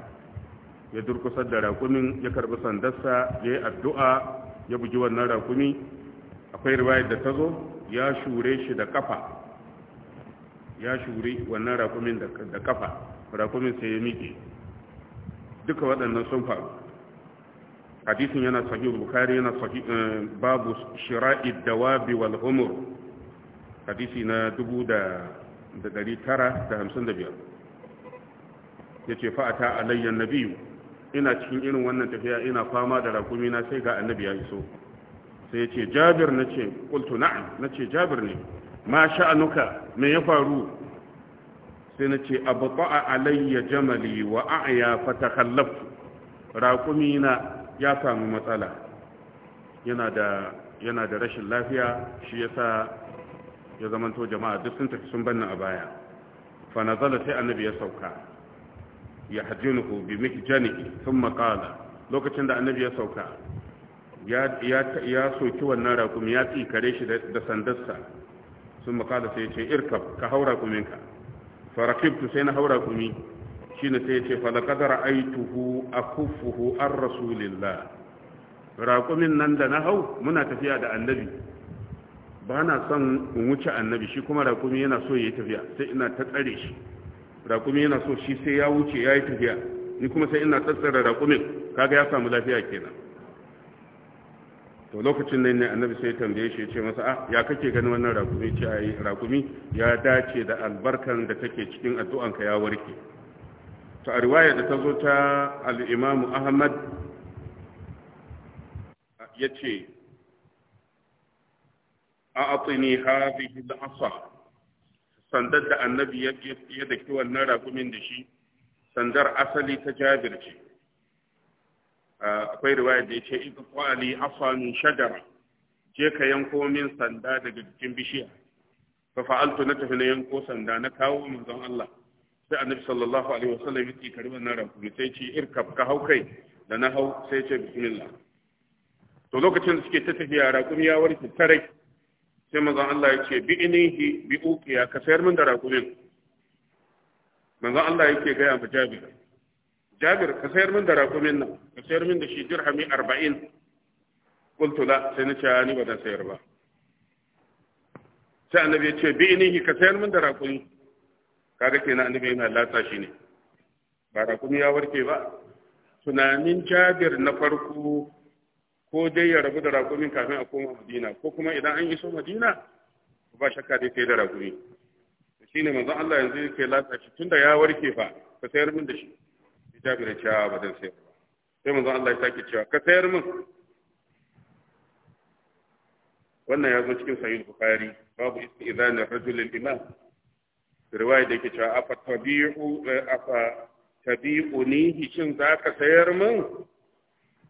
ya durkusar da rakumin ya karbi sandarsa ya yi addu'a ya bugi wannan rakumi akwai riwayar da ta zo ya shure shi da kafa ya shuri wannan rakumin da kafa rakumin sai ya miƙe duka waɗannan sun faru hadisin yana sahih bukari yana sahih eh, babu shira'id dawabi wal humur hadisi na dubu da da ɗari tara da hamsin da biyar ya ce fa'ata alayyan na biyu ina cikin irin wannan tafiya ina fama da na sai ga annabi ya iso sai ya ce jabir na ce ƙultu na'am na ce jabir ne ma sha'anuka me ya faru sai na ce abu alayya jamali wa a'aya fata rakumi rakumina ya sami matsala yana da rashin lafiya shi ya sa. ya zamanto jama'a duk sun tafi sun banna a baya fa sai annabi ya sauka ya hajjinuhu bi mihjanihi thumma qala lokacin da annabi ya sauka ya ya soki wannan rakumi ya kare shi da sandarsa sun makala sai ce irkab ka haura kuminka farakibtu sai na haura kumi shine sai ce falakadar aituhu a kufuhu an rasulillah rakumin nan da na hau muna tafiya da annabi ba na son in wuce annabi shi kuma rakumi yana so ya yi tafiya sai ina ta tsare shi rakumi yana so shi sai ya wuce ya yi tafiya ni kuma sai ina tsatsara rakumin kaga ya samu lafiya kenan to lokacin nan ne annabi sai ya tambaye shi ya ce masa ah ya kake gani wannan rakumi ce ai rakumi ya dace da albarkan da take cikin addu'anka ya warke to a riwaya da ta zo ta al-Imam Ahmad yace a'atini hadhihi al-asa sandar da annabi ya daki wannan rakumin da shi sandar asali ta Jabir ce akwai riwaya da yace idh qali asa min shajara je ka yanko min sanda daga jikin bishiya fa fa'altu na tafi na yanko sanda na kawo manzon Allah sai annabi sallallahu alaihi wasallam yake kari wannan rakumi sai ce irkab ka hau kai da na hau sai ce bismillah to lokacin da suke ta tafiya rakumi ya warke tarai sai manzon Allah ya ce bi inihi bi uqiya ka sayar min da rakumin manzon Allah ce gaya ma Jabir Jabir ka sayar min da rakumin nan ka sayar min da shi dirhami 40 qultu la sai na ce ni ba sayar ba sai annabi ya ce bi inihi ka sayar min da rakumi kaga kenan annabi yana latsa shi ne ba rakumi ya warke ba tunanin Jabir na farko ko dai ya rabu da raƙumin kafin a koma madina ko kuma idan an iso madina ba shakka dai sai da raƙumi shi ne manzon Allah yanzu yake latsa shi tunda ya warke fa ka sayar min da shi ya jabira cewa ba zan sayar ba sai manzon Allah ya sake cewa ka sayar min wannan ya zo cikin sahih bukhari babu idan ar-rajul lil-imam riwaya da yake cewa afa tabi'u eh, afa tabi'uni shin zaka sayar min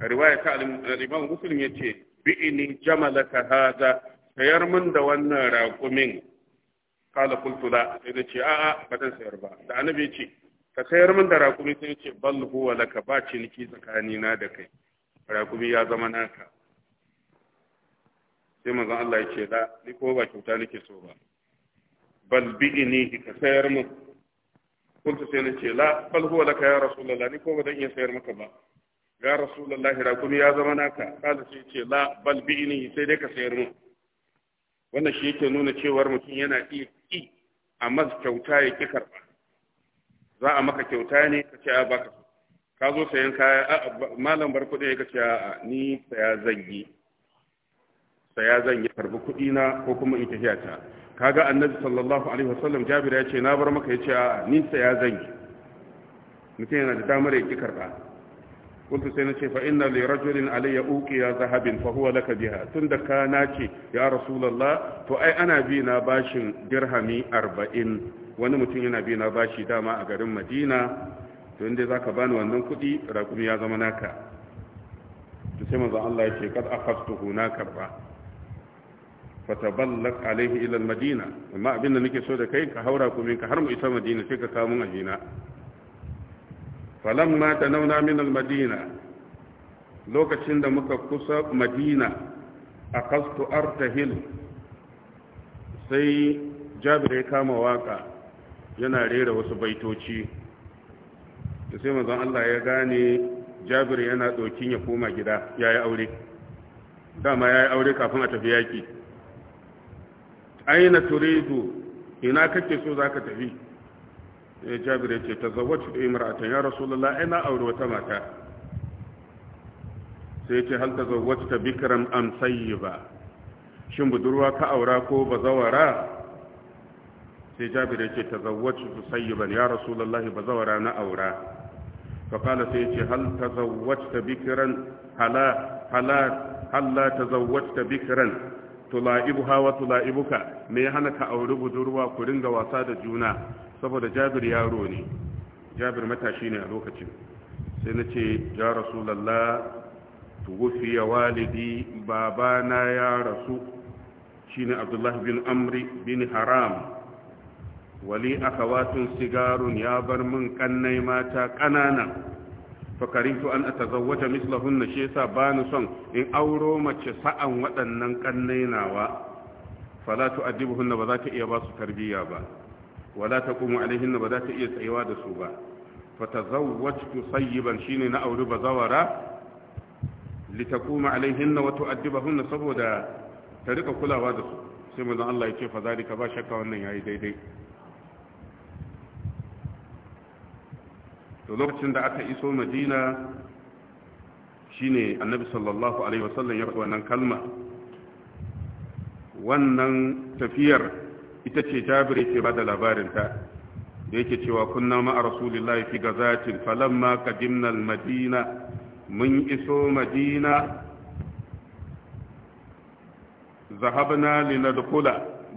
riwaya ta al-Imam Muslim yace bi'ini jamalaka hada sayar min da wannan raƙumin kala qultu la sai nace a'a ba zan sayar ba da annabi yace ka sayar min da raƙumi sai yace bal huwa laka ba ciniki tsakanina da kai raƙumi ya zama naka sai manzon Allah yace da ni ko ba kyauta nake so ba bal bi'ini ka sayar min. kuntu sai ce la bal huwa laka ya rasulullah ni ko ba zan iya sayar maka ba ya rasulullahi kuma ya zama naka kada sai ce la bal bi'ni sai dai ka sayar mu wannan shi yake nuna cewar mutum yana iya ki a masa kyauta ya ki karba za a maka kyauta ne ka ce a baka ka zo sayan kaya a malam bar kuɗi ya kace a ni saya zan yi saya zan yi karbi kuɗi na ko kuma in tafiya ta kaga annabi sallallahu alaihi wasallam jabir ya ce na bar maka ya ce a ni saya zan yi mutum yana da damar ya ki karba kuntu sai na ce fa inna li rajulin alayya uqiya zahabin fa huwa laka biha tunda ka nace ya rasu rasulullah to ai ana bi na bashin dirhami arba'in wani mutum yana bi na bashi dama a garin madina to inda zaka bani wannan kuɗi rakumi ya zama naka to sai manzo Allah ya ce kad afastuhu na karba fataballak alaihi ila madina amma abinda nake so da kai ka hau kumin ka har mu isa madina sai ka kawo mun ajina Falan da nauna min madina lokacin da muka kusa madina a kastu artahil sai jabir ya kama waka yana rera wasu baitoci da sai mazan allah ya gane jabir yana ɗokin ya koma gida ya yi aure dama ya yi aure kafin a tafi yaki aina turidu ina kake so za ka tafi Eh, jabir ya ce ta da imra'atan ya rasulullah ina aure wata mata sai ya ce hal ta zawwatu ta bikram am sayyiba shin budurwa ka aura ko bazawara sai jabir ya ce ta da sayyiban ya rasulullah bazawara na aura fa qala sai ya ce hal ta zawwatu ta bikran hala hala ta zawwatu ta bikran tula'ibuha wa tula'ibuka me hana ka auri budurwa ku ringa wasa da juna saboda jabir yaro ne jabir matashi ne a lokacin sai na ce ya rasulallah tuwufi ya walidi babana ya rasu shine abdullahi bin amri bin haram wali akawatun sigarun ya bar min kannai mata ƙanana fakarintu an a mislahunna shi yasa ba ni son in auro mace sa'an waɗannan kannai nawa falatu adibuhunna ba za ta iya ba su tarbiyya ba wala taqumu alaihinna ba za ta iya tsayawa da su ba fatazawwajtu sayyiban shine na auri bazawara litakuma alaihinna wa tu'addibahunna saboda ta rika kulawa da su sai manzon Allah ya ce fa ba shakka wannan daidai to lokacin da aka iso Madina shine annabi sallallahu alaihi wasallam ya faɗi wannan kalma wannan tafiyar ita ce jabir yake ba da labarinta da yake cewa kunna ma'a rasulillahi fi gazatin falamma qadimna madina mun iso madina zahabna linadkhula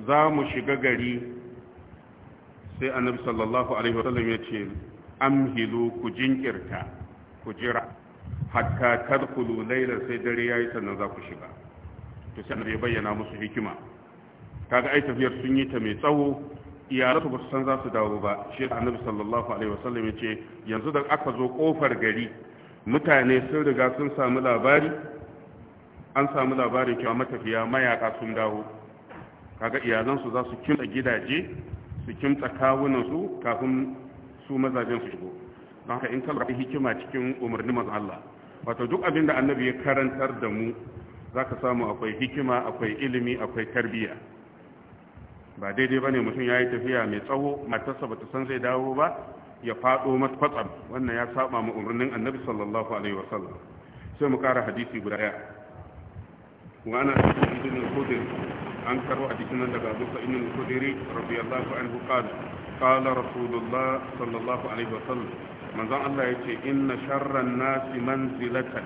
za mu shiga gari sai annabi sallallahu alaihi wasallam ya ce amhilu ku jinkirta ku jira hatta tadkhulu laylan sai dare yayi sannan za ku shiga to sai ya bayyana musu hikima kaga ai tafiyar sun yi ta mai tsawo iyalansu ba su san za su dawo ba shi annabi sallallahu alaihi wasallam yace yanzu da aka zo kofar gari mutane sun riga sun samu labari an samu labarin cewa matafiya mayaka sun dawo kaga iyalansu za su kimta gidaje su kimta kawunansu kafin su mazajen su shigo don haka in kalra hikima cikin umarnin manzon Allah wato duk abin da annabi ya karantar da mu zaka samu akwai hikima akwai ilimi akwai tarbiyya ba daidai ba ne mutum ya yi tafiya mai tsawo matarsa ba ta san zai dawo ba ya faɗo mata kwatsam wannan ya saba ma umarnin annabi sallallahu alaihi wasallam sai mu kara hadisi guda ɗaya wa ana cikin ibn al-khudri an karo a cikin nan daga Abu Sa'id al-Khudri radiyallahu anhu qala qala rasulullah sallallahu alaihi wasallam manzon Allah yace inna sharran nasi manzilatan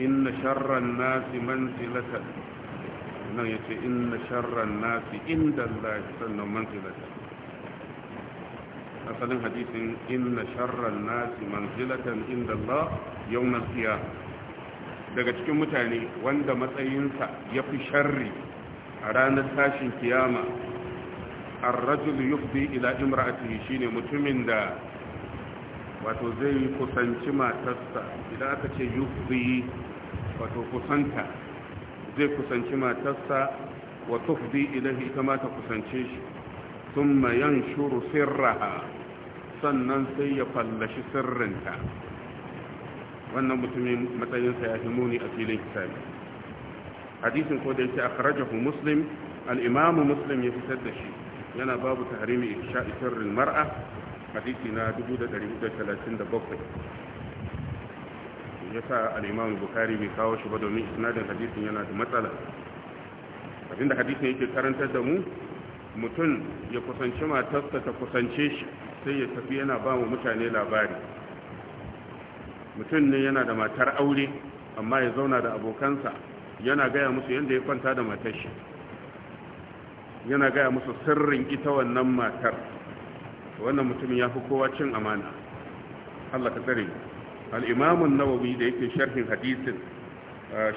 inna sharran nasi manzilatan nan ya ce inna sharran nasi inda Allah sannan manzilata asalin hadisin inna sharran nasi manzilatan inda Allah yau daga cikin mutane wanda matsayinsa ya fi sharri a ranar tashin kiyama arrajul yufdi ila imra'atihi shine mutumin da wato zai kusanci matarsa idan aka ce yufdi wato kusanta zai kusanci matarsa wa tufdi ilahi ita ma ta kusance shi thumma shuru sirraha sannan sai ya fallashi sirrinta wannan mutumin matsayinsa ya muni a filin hisabi hadisin ko a yake muslim al muslim ya fitar da shi yana babu tahrimi ifsha'i sirrin mar'a hadisi na 1437 Ya sa imam bukari bai kawo shi ba domin isnadin hadisin yana da matsala Abin da hadisin yake karantar da mu mutum ya kusanci matarsa ta kusance shi sai ya tafi yana ba mu mutane labari mutum ne yana da matar aure amma ya zauna da abokansa yana gaya musu yadda ya kwanta da matar shi yana gaya musu sirrin ita wannan matar wannan mutumin ya fi kowa cin amana Allah ka tsare Al'imamin imam an da yake sharhin hadisin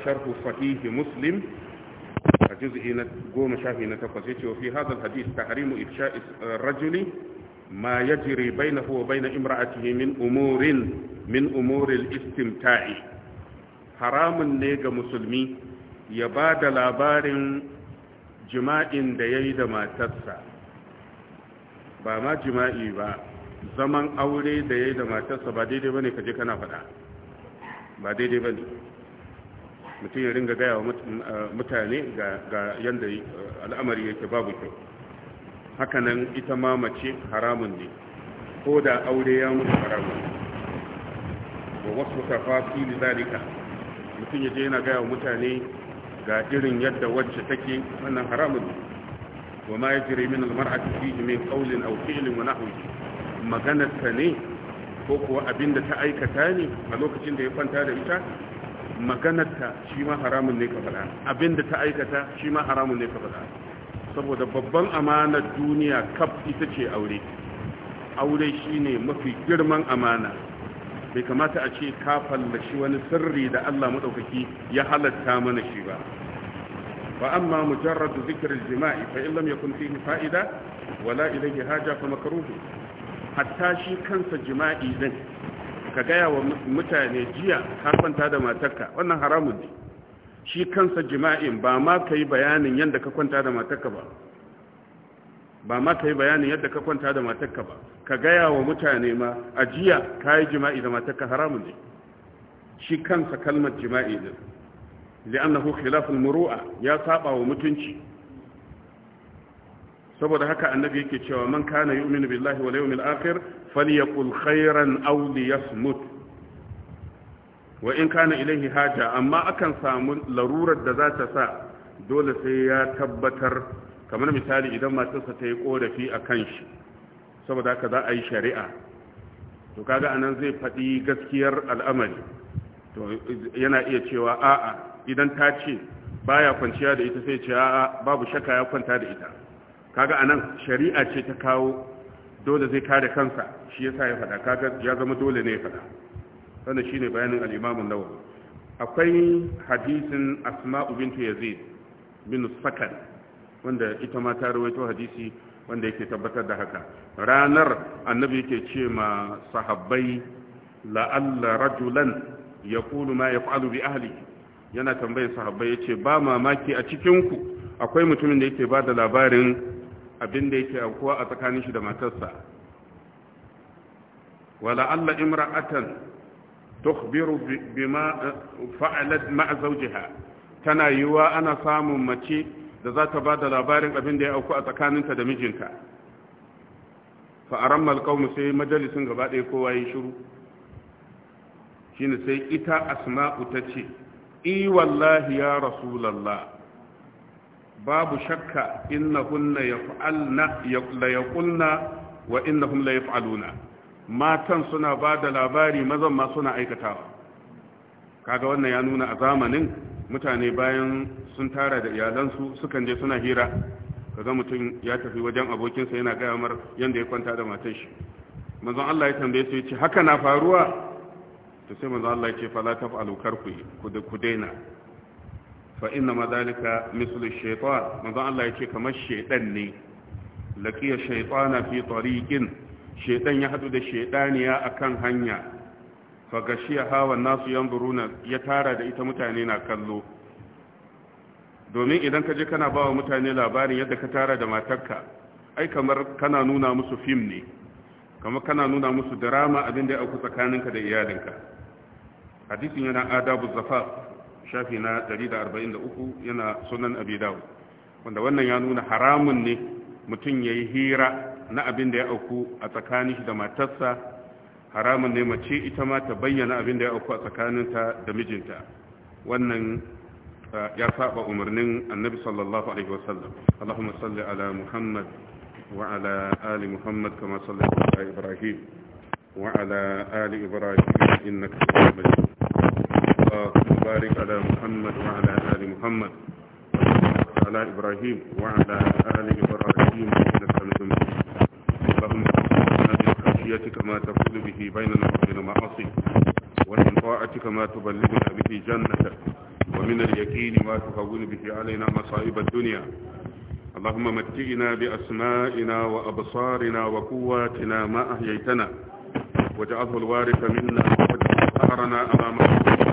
sharh sahih muslim a na 10 shafi na 8 yace wa fi hadha al-hadith tahrimu ifsha'i rajuli ma yajri bainahu wa bain imra'atihi min umurin min umuri istimtai haramun ne ga musulmi ya ba da labarin jima'in da ya yi da matarsa ba ma jima'i ba zaman aure da ya yi da matarsa ba daidai ba ne ka je kana faɗa ba daidai ba ne mutum ya ringa gaya wa mutane ga yadda al'amari yake babu kyau hakanan ita ma mace haramun ne ko da aure ya mutu haramun wa wasu tafafi zalika mutum ya je yana gaya wa mutane ga irin yadda wacce take wannan haramun ne wa ma ya jire min almar'ati fihi min qawlin aw fi'lin wa nahwihi maganarta ne ko kuwa abin da ta aikata ne a lokacin da ya kwanta da ita maganarta shi ma haramun ne ka abin da ta aikata shi ma haramun ne ka saboda babban amanar duniya kaf ita ce aure aure shine mafi girman amana bai kamata a ce ka shi wani sirri da Allah madaukaki ya halatta mana shi ba Ba amma mujarrad zikirin al-jima'i fa in yakun fihi fa'ida wala ilayhi haja fa makruh hatta shi kansa jima'i din ka gaya wa mutane jiya ka kwanta da matarka wannan haramun ne shi kansa jima'in ba ma ka yi bayanin yadda ka kwanta da matarka ba ba ma ka yi bayanin yadda ka kwanta da matarka ba ka gaya wa mutane ma a jiya ka yi jima'i da matarka haramun ne shi kansa kalmar jima'i din li'annahu khilaful muru'a ya saba wa mutunci saboda haka annabi yake cewa man kana yu'minu billahi wal yawmil akhir falyaqul khairan aw liyasmut wa in kana ilayhi haja amma akan samu larurar da za ta sa dole sai ya tabbatar kamar misali idan matarsa ta yi korafi a kan shi saboda haka za a yi shari'a to kaga anan zai faɗi gaskiyar al'amari to yana iya cewa a'a idan ta ce baya kwanciya da ita sai ce a'a babu shakka ya kwanta da ita kaga anan shari'a ce ta kawo dole zai kare kansa shi yasa ya fada kaga ya zama dole ne ya faɗa sannan shine bayanin al-Imam nawawi akwai hadisin Asma'u bint Yazid bin Sakan wanda ita ma ta rawaito hadisi wanda yake tabbatar da haka ranar annabi yake ce ma sahabbai la'alla rajulan yaqulu ma yaf'alu bi ahli yana tambayar sahabbai yace ba mamaki a cikin ku akwai mutumin da yake bada labarin abin da yake aukuwa a tsakanin shi da matarsa wala Allah imra'atan tukhbiru bima fa'alat ma'a zawjiha tana yiwa ana samun mace da za ta bada labarin abin da ya auku a tsakaninta da mijinta fa aramma alqawm sai majalisin gaba ɗaya kowa yi shiru shine sai ita asma'u tace i wallahi ya rasulullah babu shakka innahunna yaf'alna la yaqulna wa innahum la yaf'aluna matan suna ba da labari mazan ma suna aikatawa kaga wannan ya nuna a zamanin mutane bayan sun tara da iyalansu sukan je suna hira kaga mutum ya tafi wajen abokinsa yana gaya mar yanda ya kwanta da matar shi manzon Allah ya tambaye su yace haka na faruwa to sai manzon Allah ya ce fala taf'alu karku ku daina fa inna ma dalika mislu shaytan manzo Allah yace kamar shaytan ne laqiya shaytana fi tariqin shaytan ya hadu da shaydaniya akan hanya fa gashiya hawa nasu yanzuruna ya tara da ita mutane na kallo domin idan ka je kana bawa mutane labarin yadda ka tara da matarka ai kamar kana nuna musu fim ne kamar kana nuna musu drama abin da ya auku tsakaninka da iyalinka hadisin yana adabu zafaf shafi na 143 yana sunan abi dawud wanda wannan ya nuna haramun ne mutum ya yi hira na abin da ya auku a tsakanin shi da matarsa haramun ne mace ita ma ta bayyana abin da ya auku a tsakaninta da mijinta wannan ya saba umarnin annabi sallallahu alaihi wasallam Allahumma salli ala Muhammad wa ala ali Muhammad kama sallaita ala Ibrahim wa ala ali Ibrahim innaka Hamidum وبارك على محمد وعلى آل محمد وعلى إبراهيم وعلى آل إبراهيم إنك حميد مجيد اللهم من خشيتك ما تفضل به بيننا وبين المعاصي ومن طاعتك ما تبلغنا به جنتك ومن اليقين ما تهون به علينا مصائب الدنيا اللهم متئنا بأسمائنا وأبصارنا وقواتنا ما أحييتنا واجعله الوارث منا واجعل ثأرنا أمامنا